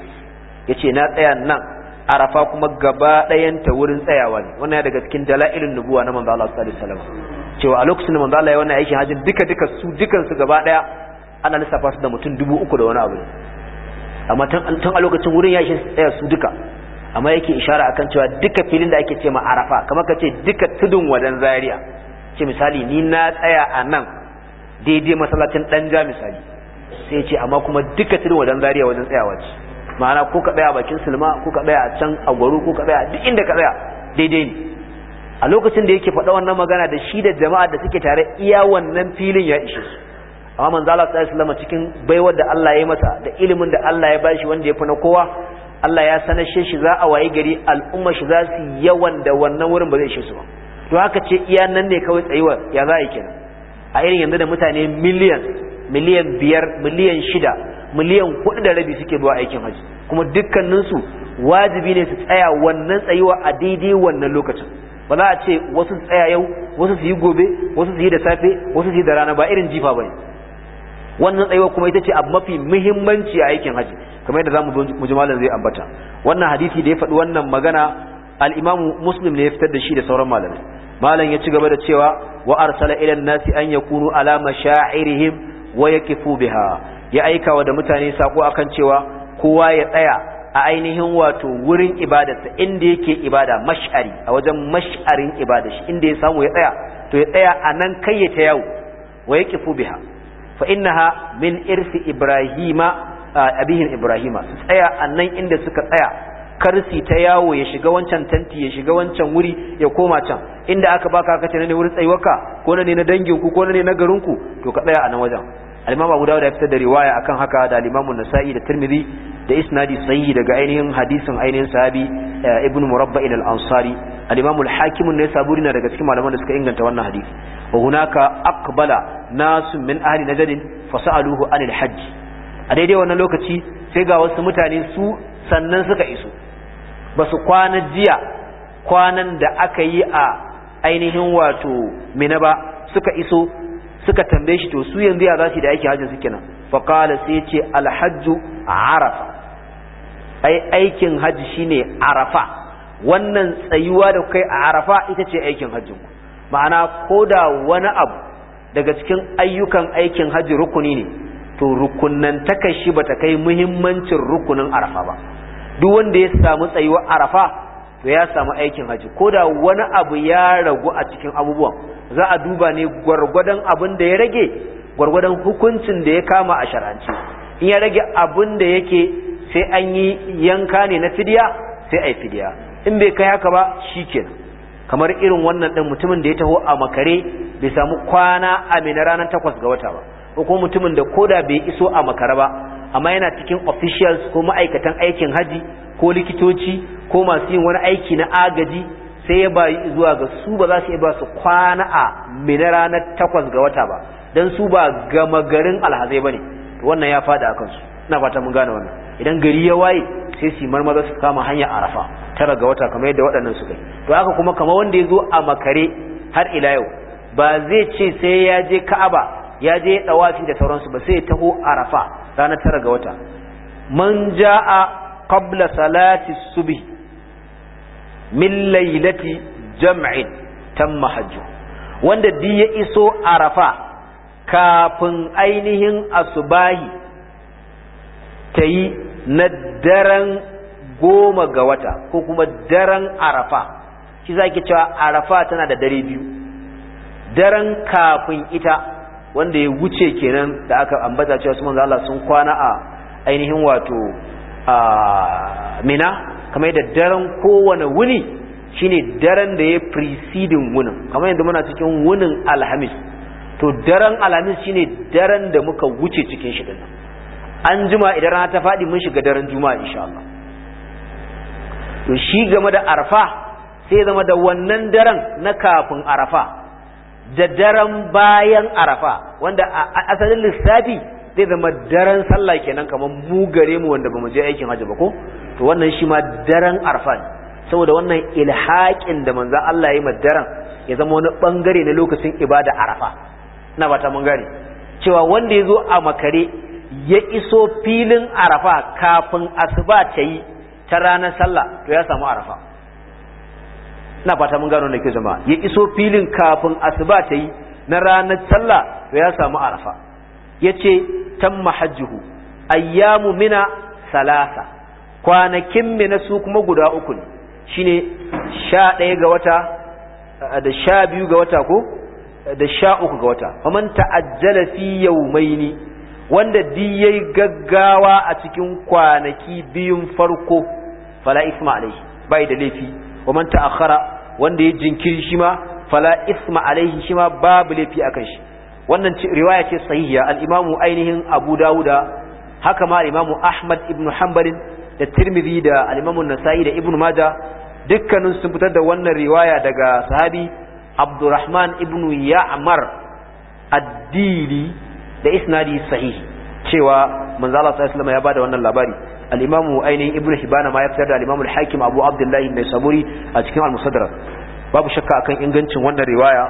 yace na tsaya nan arafa kuma gaba ɗayan ta wurin tsayawa ne wannan ya daga cikin dalailin nubuwa na manzo Allah sallallahu alaihi wasallam cewa a lokacin da manzo Allah ya wannan aikin hajjin duka duka su dukan su gaba ɗaya ana lissafa su da mutum dubu uku da wani abu amma tun a lokacin wurin ya ishe tsaya su duka amma yake ishara akan cewa duka filin da ake ce ma arafa kamar ka ce duka tudun wadan zaria ce misali ni na tsaya a nan daidai masallacin dan ja misali sai ya ce amma kuma duka tudun wadan zariya wajen tsayawa ce ma'ana ko ka tsaya a bakin sulma ko ka tsaya a can a gwaro ko ka tsaya duk inda ka tsaya daidai ne a lokacin da yake faɗa wannan magana da shi da jama'a da suke tare iya wannan filin ya ishe su amma manzo Allah sallallahu alaihi cikin baiwar da Allah ya masa da ilimin da Allah ya bashi wanda ya fi na kowa Allah ya sanar shi za a waye gari al'umma shi za su yawan da wannan wurin ba zai ishe su ba to haka ce iya nan ne kawai tsayuwa ya za a yi kenan a irin yanzu da mutane miliyan miliyan biyar miliyan shida miliyan hudu da rabi suke zuwa aikin hajji kuma dukkaninsu wajibi ne su tsaya wannan tsayuwa a daidai wannan lokacin ba za a ce wasu tsaya yau wasu su yi gobe wasu su yi da safe wasu su yi da rana ba irin jifa ba ne wannan tsayuwa kuma ita ce abu mafi muhimmanci a aikin hajji kamar yadda za mu ji malam zai ambata wannan hadisi da ya faɗi wannan magana al'imamu muslim ne ya fitar da shi da sauran malamai malam ya ci gaba da cewa wa arsala ila nasi an yakunu ala mashairihim wa yakifu biha ya aika wa da mutane sako akan cewa kowa ya tsaya a ainihin wato wurin ibadarsa inda yake ibada mash'ari a wajen mash'arin ibada shi inda ya samu ya tsaya to ya tsaya a nan kai ya ta yawo wa yakifu biha fa innaha min irfi ibrahima abihin ibrahima su tsaya a nan inda suka tsaya karsi ta yawo ya shiga wancan tanti ya shiga wancan wuri ya koma can inda aka baka aka ce ne wurin tsaiwaka ko ne na dangin ku ko ne na garin ku to ka tsaya a nan wajen al-imam Abu Dawud ya fitar da riwaya akan haka da al nasai da Tirmidhi da isnadi sahih daga ainihin hadisin ainihin sahabi eh, Ibn Murabba' al-Ansari al-imam al-Hakim ne saburi na daga cikin malaman da suka inganta wannan hadisi wa hunaka aqbala nasu min ahli najd fasaluhu anil hajj a daidai wannan lokaci sai ga wasu mutane su sannan suka iso ba su kwana jiya kwanan da aka yi a ainihin wato mina ba suka iso suka tambaye shi to su yanzu ya za su da aiki hajji su kenan. faƙala sai ce alhajju arafa ai aikin hajji shine arafa wannan tsayuwa da kai a arafa ita ce aikin hajjin ku ma'ana ko da wani abu daga cikin ayyukan aikin hajji rukuni ne to rukunan shi bata kai muhimmancin rukunin arafa ba duk wanda ya samu tsayuwa arafa to ya samu aikin haji ko da wani abu ya ragu a cikin abubuwan za a duba ne gwargwadon abin da ya rage gwargwadon hukuncin da ya kama a shar'ance in ya rage abin da yake sai an yi yanka ne na fidiya sai a yi fidiya in bai kai haka ba shikenan kamar irin wannan ɗin mutumin da ya taho a makare bai samu kwana a mai na ranar takwas ga wata ba ko mutumin da koda bai iso a makare ba amma yana cikin officials ko ma'aikatan aikin haji ko likitoci ko masu yin wani aiki na agaji sai ya bayi zuwa ga su ba za su ba su kwana a mina ranar takwas ga wata ba don su ba gama garin alhazai ba ne wannan ya fada a kansu ina fata mun gane wannan idan gari ya waye sai su marmaza su kama hanya arafa tara ga wata kamar yadda waɗannan suka yi to haka kuma kamar wanda ya zo a makare har ila yau ba zai ce sai ya je ka'aba ya je dawafi da sauransu ba sai taho arafa ranar tara ga wata man jaa qabla salati subhi min laylati jam'in tamma hajju wanda di ya iso arafa kafin ainihin asubahi ta yi na daren goma ga wata ko kuma daren arafa shi zaki ki cewa arafa tana da dare biyu daren kafin ita wanda ya wuce kenan da aka ambata cewa su manzo Allah sun kwana a ainihin wato a mina kamar yadda daren kowane wuni shine daren da ya preceding wunin kamar yadda muna cikin wunin alhamis to daren alhamis shine daren da muka wuce cikin shi dinnan an juma idan rana ta faɗi mun shiga daren juma'a insha Allah to shi game da arfa sai zama da wannan daren na kafin arafa da daren bayan arafa wanda a asalin lissafi zai zama daren sallah kenan kamar mu gare mu wanda bamu je aikin hajji ba ko to wannan shi ma daren arafa ne saboda wannan ilhaƙin da manzo Allah ya yi daren ya zama wani bangare na lokacin ibada arafa na ba ta mun gane cewa wanda ya zo a makare ya iso filin arafa kafin asuba ta yi ta ranar sallah to ya samu arafa ina fata mun gano da ke jama'a ya iso filin kafin asuba ta yi na ranar sallah to ya samu arafa yace tamma hajjuhu ayyamu mina salasa kwanakin na su kuma guda uku ne shine sha ɗaya ga wata eh, da sha biyu ga wata ko eh, da sha uku ga wata faman ta'ajjala fi yawmaini wanda di yayi gaggawa a cikin kwanaki biyun farko fala isma alaihi bai da laifi wa man ta'akhkhara wanda ya jinkiri shima fala isma alaihi shi ma babu laifi akan shi wannan riwaya ce sahihiya al-imamu ainihin Abu Dawuda haka ma al-imamu Ahmad ibn Hanbal da Tirmidhi da al-imamu Nasa'i da Ibn Majah dukkanin sun fitar da wannan riwaya daga sahabi Abdulrahman ibn Ya'mar Addini da isnadi sahihi cewa manzo Allah sallallahu alaihi wasallam wannan labari al-imamu ainihin ibnu hibana ma ya hakim abu abdullahi mai saburi a cikin al-musaddara babu shakka akan ingancin wannan riwaya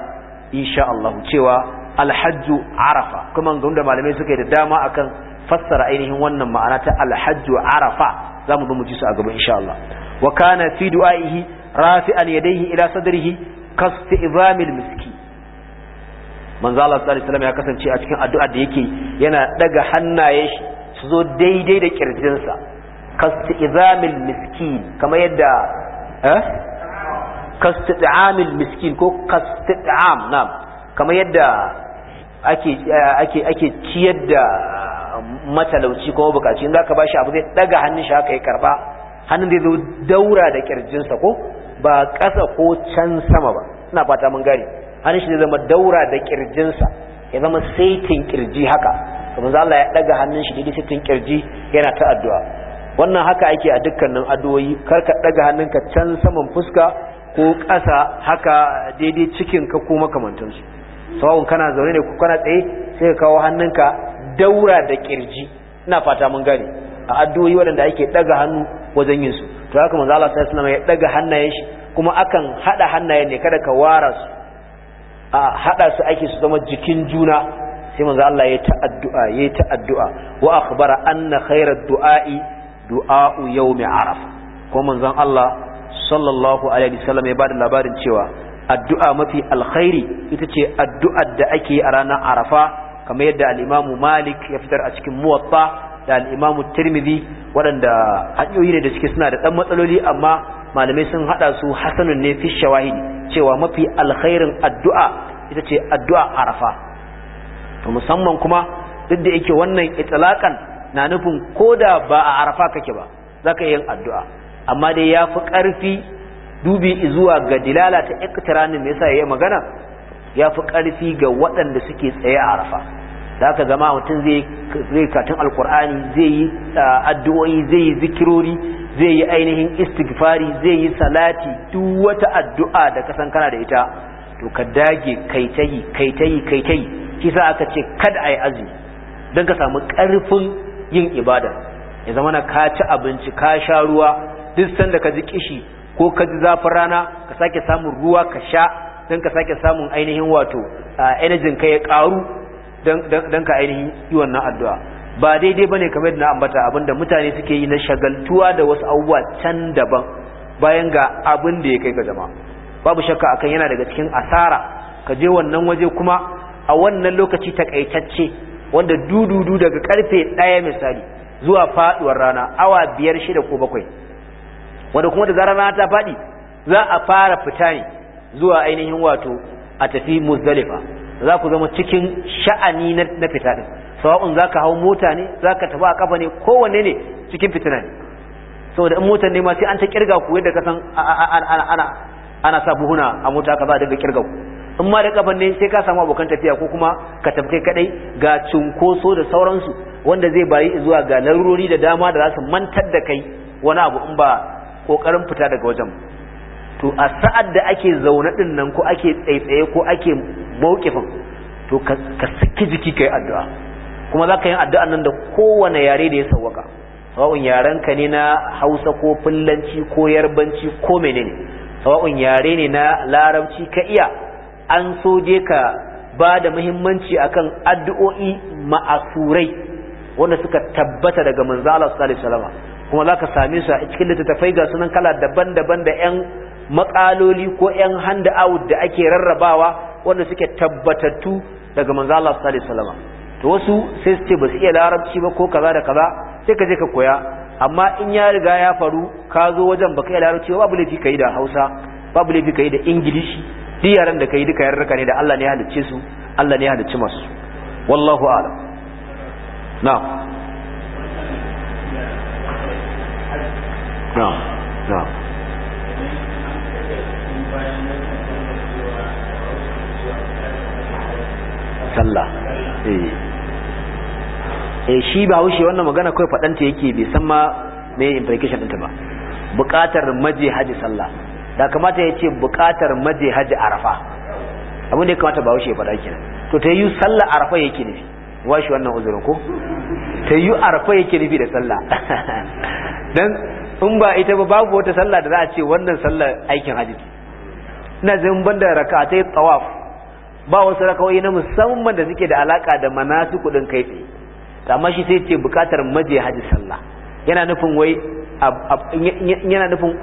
insha Allah cewa al-hajju arafa kuma ga da malamai suka yi da dama akan fassara ainihin wannan ma'ana ta al-hajju arafa zamu zo mu ji su a gaba insha Allah wa kana yi du'aihi rafi'an yadayhi ila sadrihi kasti'zamil miski manzo Allah sallallahu ya kasance a cikin addu'a da yake yana daga hannaye shi su zo daidai da kirjinsa kasta izamil miskin kamar yadda eh? kasta da'amil miskin ko kasta am na kamar yadda ake ciyar da matalauci ko bukaci ka zaka bashi abu zai daga hannun shi haka ya karba hannun zai zo daura da kirjinsa ko ba ƙasa ko can sama ba ina fata mun gari hannun shi zai zama daura da kirjinsa ya zama saitin kirji haka to za Allah ya daga hannun shi daidai cikin kirji yana ta addu'a wannan haka ake a dukkanin addu'o'i kar ka daga ka can saman fuska ko ƙasa haka daidai cikin ka ko makamantansu sawun kana zaune ne ko kana tsaye sai ka kawo hannun ka daura da kirji ina fata mun gane a addu'o'i waɗanda ake daga hannu wajen yin su to haka manzo Allah sallallahu alaihi wasallam ya daga hannayen shi kuma akan hada hannayen ne kada ka wara su a hada su ake su zama jikin juna sai manzo Allah ya ta addu'a ya ta addu'a wa akhbara anna khairar du'a'i du'a'u yawmi arafa ko manzon Allah sallallahu alaihi wasallam ya bada labarin cewa addu'a mafi alkhairi ita ce addu'ar da ake a ranar arafa kamar yadda al malik ya fitar a cikin muwatta da al-imamu tirmidhi waɗanda hanyoyi ne da suke suna da ɗan matsaloli amma malamai sun haɗa su hasanun ne fi shawahid cewa mafi alkhairin addu'a ita ce addu'a arafa to musamman kuma duk da yake wannan itilakan na nufin koda ba a arafa kake ba za zaka yin addu'a amma dai ya fi ƙarfi dubi zuwa ga dilala ta iktiranin me yasa yi magana Ya fi ƙarfi ga waɗanda suke tsaye a arafa Za ka zama mutum zai yi katun alqur'ani zai yi addu'o'i zai yi zikirori zai yi ainihin istighfari zai yi salati duk wata addu'a da kasan kana da ita to ka dage kai ta kai ta kai aka ce kada a yi azumi don ka samu ƙarfin yin ibada ya zama na ka ci abinci ka sha ruwa duk sanda ka ji kishi ko ka ji zafin rana ka sake samun ruwa ka sha don ka sake samun ainihin wato energy ka ya ƙaru don ka ainihin yi wannan addu'a ba daidai bane kamar na ambata abinda mutane suke yi na shagaltuwa da wasu abubuwa can daban bayan ga abin da ya kai ga jama'a babu shakka akan yana daga cikin asara ka je wannan waje kuma a wannan lokaci takaitacce wanda dududu daga karfe ɗaya misali zuwa faduwar rana awa biyar shida ko bakwai wanda kuma da zarar rana ta faɗi za a fara fita ne zuwa ainihin wato a tafi muzdalifa za ku zama cikin sha'ani na fita din sawa'un za ka hau mota ne za ka tafi a kafa ne kowanne ne cikin fitina ne saboda in motar ne ma sai an ta kirga ku yadda ka san ana sa buhuna a mota ka za a daga kirgau in ma da kafan ne sai ka samu abokan tafiya ko kuma ka tafi kai kadai ga cunkoso da sauransu wanda zai bayi zuwa ga larurori da dama da za su mantar da kai wani abu in ba kokarin fita daga wajen to a sa'ad da ake zaune din nan ko ake tsaitsaye ko ake mawqifin to ka saki jiki kai addu'a kuma zaka yi addu'a nan da kowane yare da ya sawwaka sawun yaren ka ne na Hausa ko Fulanci ko Yarbanci ko menene sawa'un yare ne na larabci ka iya an soje ka ba da muhimmanci akan addu'o'i ma'asurai wanda suka tabbata daga manzo Allah sallallahu alaihi wasallam kuma zaka same su a cikin littattafai ga sunan kala daban-daban da yan makaloli ko yan handa out da ake rarrabawa wanda suke tabbatattu daga manzo Allah sallallahu alaihi wasallam to wasu sai su ce ba su iya larabci ba ko kaza da kaza sai ka je ka koya amma in ya riga ya faru ka zo wajen baka yara cewa babu laifi kai da Hausa babu laifi kai da Ingilishi duk yaran da kai duka yarraka ne da Allah ne ya halicce su Allah ne ya halicci masu wallahu a'lam na'am na'am na'am sallah eh eh shi ba haushe wannan magana kawai faɗanta yake bai san ma me implication ta ba buƙatar maje haji sallah da kamata ya ce buƙatar maje haji arafa abin da ya kamata ba haushe ya faɗa kenan to ta yi sallah arafa yake nufi washi wannan uzurin ko ta yi arafa yake nufi da sallah dan in ba ita ba babu wata sallah da za a ce wannan sallah aikin haji ina zan banda raka'a ta yi tawaf ba wasu rakawai na musamman da suke da alaka da manasu kudin kai tsaye amma shi sai ce bukatar maje haji sallah yana nufin wai yana nufin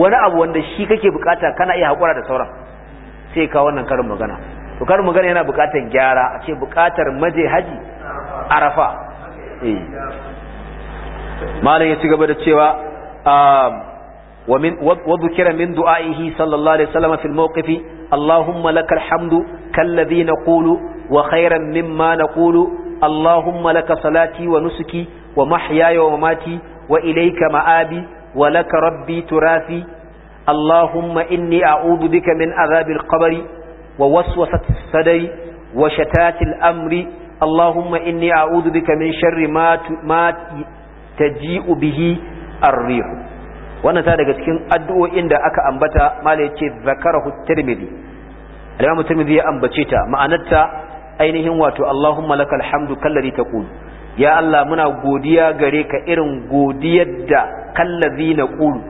wani abu wanda shi kake bukata kana iya haƙura da sauran sai ka wannan karin magana to karin magana yana bukatar gyara a ce bukatar maje haji arafa eh. malam ya ci gaba da cewa ومن وذكر من دعائه صلى الله عليه وسلم في الموقف اللهم لك الحمد كالذي نقول وخيرا مما نقول Allahumma laka salati wa nusuki wa mahyaya wa mamati wa ilayka ma'abi wa laka rabbi turafi Allahumma inni a'udhu bika min azabil qabri wa waswasatis sadri wa shatatil amri Allahumma inni a'udhu bika min sharri ma ma taji'u bihi ar-rih wannan ta daga cikin addu'o'in da aka ambata malai ce zakarahu tirmidhi al-imam ya ambace ta ma'anarta ainihin wato Allahumma lakal hamdu kallari taqul ya Allah muna godiya gare ka irin godiyar da kallazi na kulu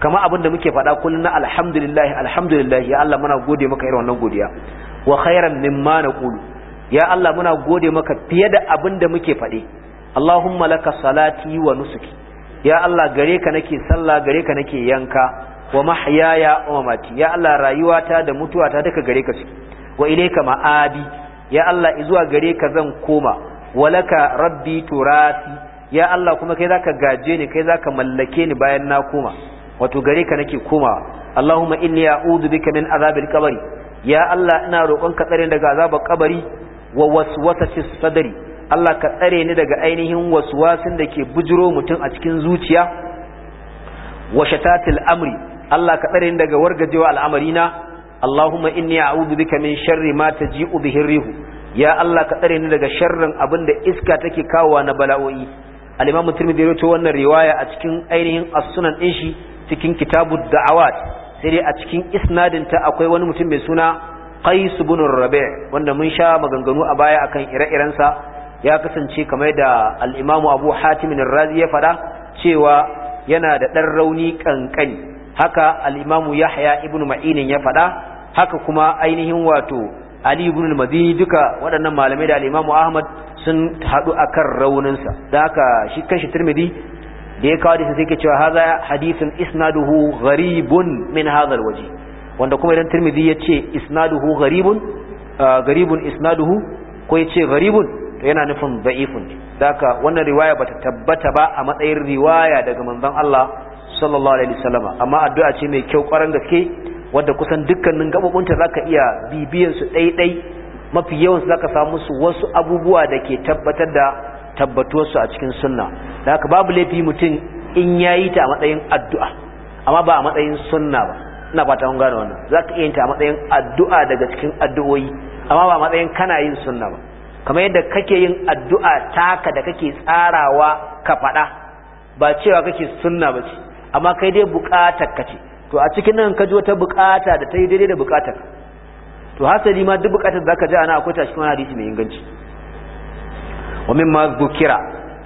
kama abin da muke faɗa kullun na alhamdulillah alhamdulillah ya Allah muna gode maka irin wannan godiya wa khairan mimma kulu ya Allah muna gode maka fiye da abin da muke faɗe Allahumma laka salati wa nusuki ya Allah gare ka nake sallah gare ka nake yanka wa mahyaya wa mamati ya Allah rayuwata da mutuwata duka gare ka suke wa ilayka ma'abi ya Allah zuwa gare ka zan koma walaka rabbi turasi ya Allah kuma kai zaka gaje ni kai zaka mallake ni bayan na koma wato gare ka nake komawa Allahumma inni a'udhu bika min azabil qabri ya Allah ina roƙon ka tsare daga azabar kabari wa waswasati sadri Allah ka tsare ni daga ainihin waswasin da ke bujiro mutum a cikin zuciya wa shatatil amri Allah ka tsare ni daga wargajewa al'amarina Allahumma inni a'udhu bika min sharri ma taji'u bihi rihu ya Allah ka tsare ni daga sharrin abinda iska take kawowa na bala'o'i al-Imam Tirmidhi rawaito wannan riwaya a cikin ainihin as-sunan shi cikin kitabud da'awat sai dai a cikin isnadin ta akwai wani mutum mai suna Qais ibn Rabi' wanda mun sha maganganu a baya akan ire iren sa, ya kasance kamar da al Abu Hatim ar-Razi ya fada cewa yana da ɗan rauni kankani haka al Yahya ibn Ma'inin ya faɗa. haka kuma ainihin wato Ali ibn al-Madini duka waɗannan malamai da al-Imam Ahmad sun haɗu akan rauninsa da haka shi kanshi Tirmidhi da ya kawo shi sai ke cewa hadha hadithun isnaduhu gharibun min hadha al-waji wanda kuma idan Tirmidhi ya ce isnaduhu gharibun gharibun isnaduhu ko ya ce gharibun to yana nufin da'ifun da haka wannan riwaya bata tabbata ba a matsayin riwaya daga manzon Allah sallallahu alaihi wasallama amma addu'a ce mai kyau ƙwarar gaske wadda kusan dukkanin za ka iya bibiyan su ɗaiɗai mafi yawan su ka samu su wasu abubuwa da ke tabbatar da tabbatuwar su a cikin sunna da haka babu laifi mutum in ya yi ta a matsayin addu'a amma ba a matsayin sunna ba ina fata mun gane wannan ka iya yin ta a matsayin addu'a daga cikin addu'o'i amma ba a matsayin kana yin sunna ba kamar yadda kake yin addu'a taka da kake tsarawa ka faɗa ba cewa kake sunna ba ce amma kai dai buƙatar ka ce to a cikin nan ka ji wata bukata da ta yi daidai da bukatar to hasali ma duk bukatar zaka ji ana akwai ta cikin wani hadisi mai inganci wa mimma zukira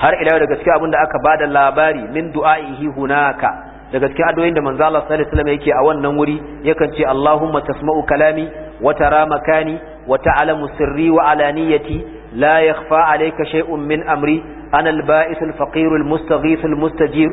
har ila yau da gaskiya abin da aka bada labari min du'a'ihi hunaka da gaske adoyin da manzo Allah sallallahu alaihi wasallam yake a wannan wuri yakan ce Allahumma tasma'u kalami wa tara makani wa ta'lamu sirri wa alaniyati la yakhfa alayka shay'un min amri ana al-ba'ith al-faqir al-mustaghith al-mustajir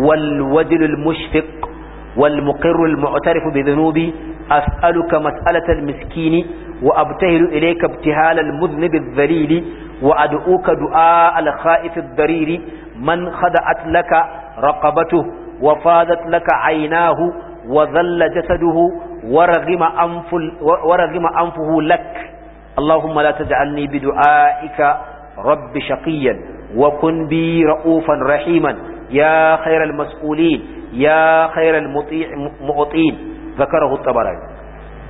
wal wajl al-mushfiq والمقر المعترف بذنوبي أسألك مسألة المسكين وأبتهل إليك ابتهال المذنب الذليل وأدعوك دعاء الخائف الضرير من خدعت لك رقبته وفاضت لك عيناه وذل جسده ورغم, أنف ورغم أنفه لك اللهم لا تجعلني بدعائك رب شقيا وكن بي رؤوفا رحيما يا خير المسؤولين ya khairal mu'tin zakarahu tabarani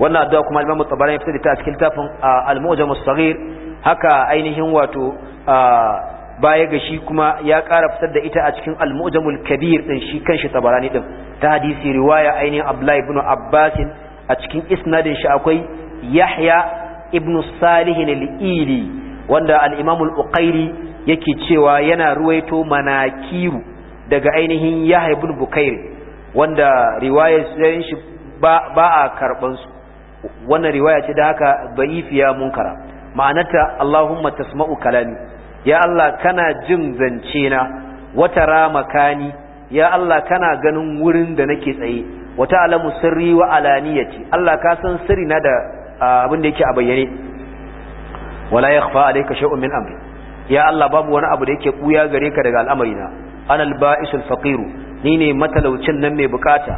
wannan addu'a kuma imam tabarani ya fitar da ta cikin tafin al-mu'jam as-saghir haka ainihin wato baya ga shi kuma ya ƙara fitar da ita a cikin al-mu'jamul kabir din shi kanshi tabarani din ta hadisi riwaya ainihin abdullahi ibn abbas a cikin isnadin shi akwai yahya ibn salih al-ili wanda al-imam al-uqairi yake cewa yana ruwaito manakiru daga ainihin ya ibn bukair wanda riwaya sayan shi ba a karɓar su wannan riwaya ce da haka da'ifiya munkara ma'anarta Allahumma tasma'u kalami ya Allah kana jin zance na wata ramakani ya Allah kana ganin wurin da nake tsaye wata alamu sirri wa alaniyati Allah ka san sirri na da abin da yake a bayyane wala yakhfa alayka shay'un min amri ya Allah babu wani abu da yake kuya gare ka daga al'amarina anal ba'isul faqiru ni ne matalaucin nan mai bukata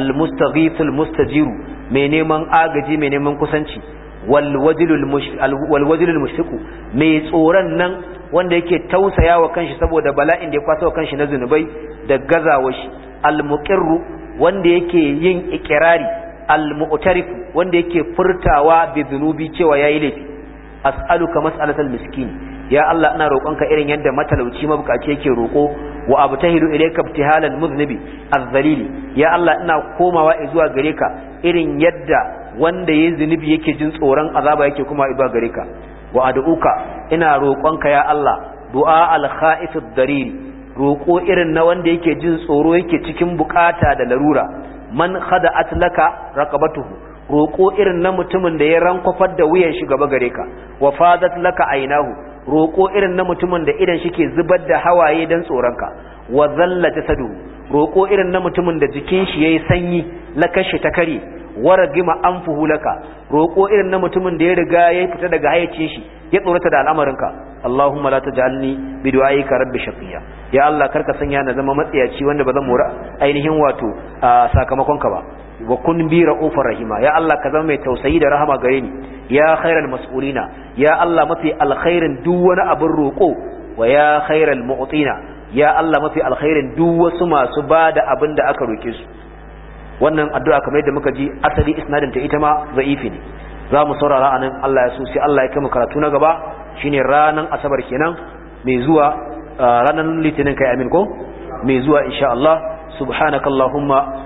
al mustaghithul mustajiru mai neman agaji mai neman kusanci wal wajilul mai tsoron nan wanda yake tausaya wa kanshi saboda bala'in da ya kwasa wa kanshi na zunubai da gazawa shi al muqirru wanda yake yin ikirari al mu'tarif wanda yake furtawa bi zunubi cewa yayi laifi as'aluka mas'alatal miskin ya Allah ina roƙonka irin yadda matalauci mabukaci yake roƙo wa abtahilu ilayka ibtihalan muznibi azzalili ya Allah ina komawa zuwa gare ka irin yadda wanda yayin zunubi yake jin tsoron azaba yake kuma iba gare ka wa ad'uka ina roƙonka ya Allah du'a al-kha'if ad-dariri roƙo irin na wanda yake jin tsoro yake cikin bukata da larura man khada'at laka raqabatuhu roƙo irin na mutumin da ya rankwafar da wuyan shi gaba gare ka wa fadat laka ainahu roƙo irin na mutumin da idan shi ke zubar da hawaye don tsoronka wa zalla ta sadu roƙo irin na mutumin da jikin shi ya yi sanyi kashe ta kare an fuhu laka roƙo irin na mutumin da ya riga ya fita daga hayacin shi ya tsorata da al'amarinka Allahumma la taj'alni bi du'aika rabbi shaqiya ya Allah karka sanya na zama matsiyaci wanda ba zan mura ainihin wato sakamakon ka ba wa kun bi ra'ufar rahima ya Allah ka zama mai tausayi da rahama gare ni ya khairal mas'ulina ya Allah mafi alkhairin duk wani abin roƙo wa ya khairal mu'tina ya Allah mafi alkhairin duk wasu masu da abin da aka roke su wannan addu'a kamar yadda muka ji asali isnadin ta ita ma za'ifi ne za mu saurara anan Allah ya so sai Allah ya kai mu karatu na gaba shine ranan asabar kenan mai zuwa ah, ranan litinin kai amin ko mai zuwa insha Allah subhanakallahumma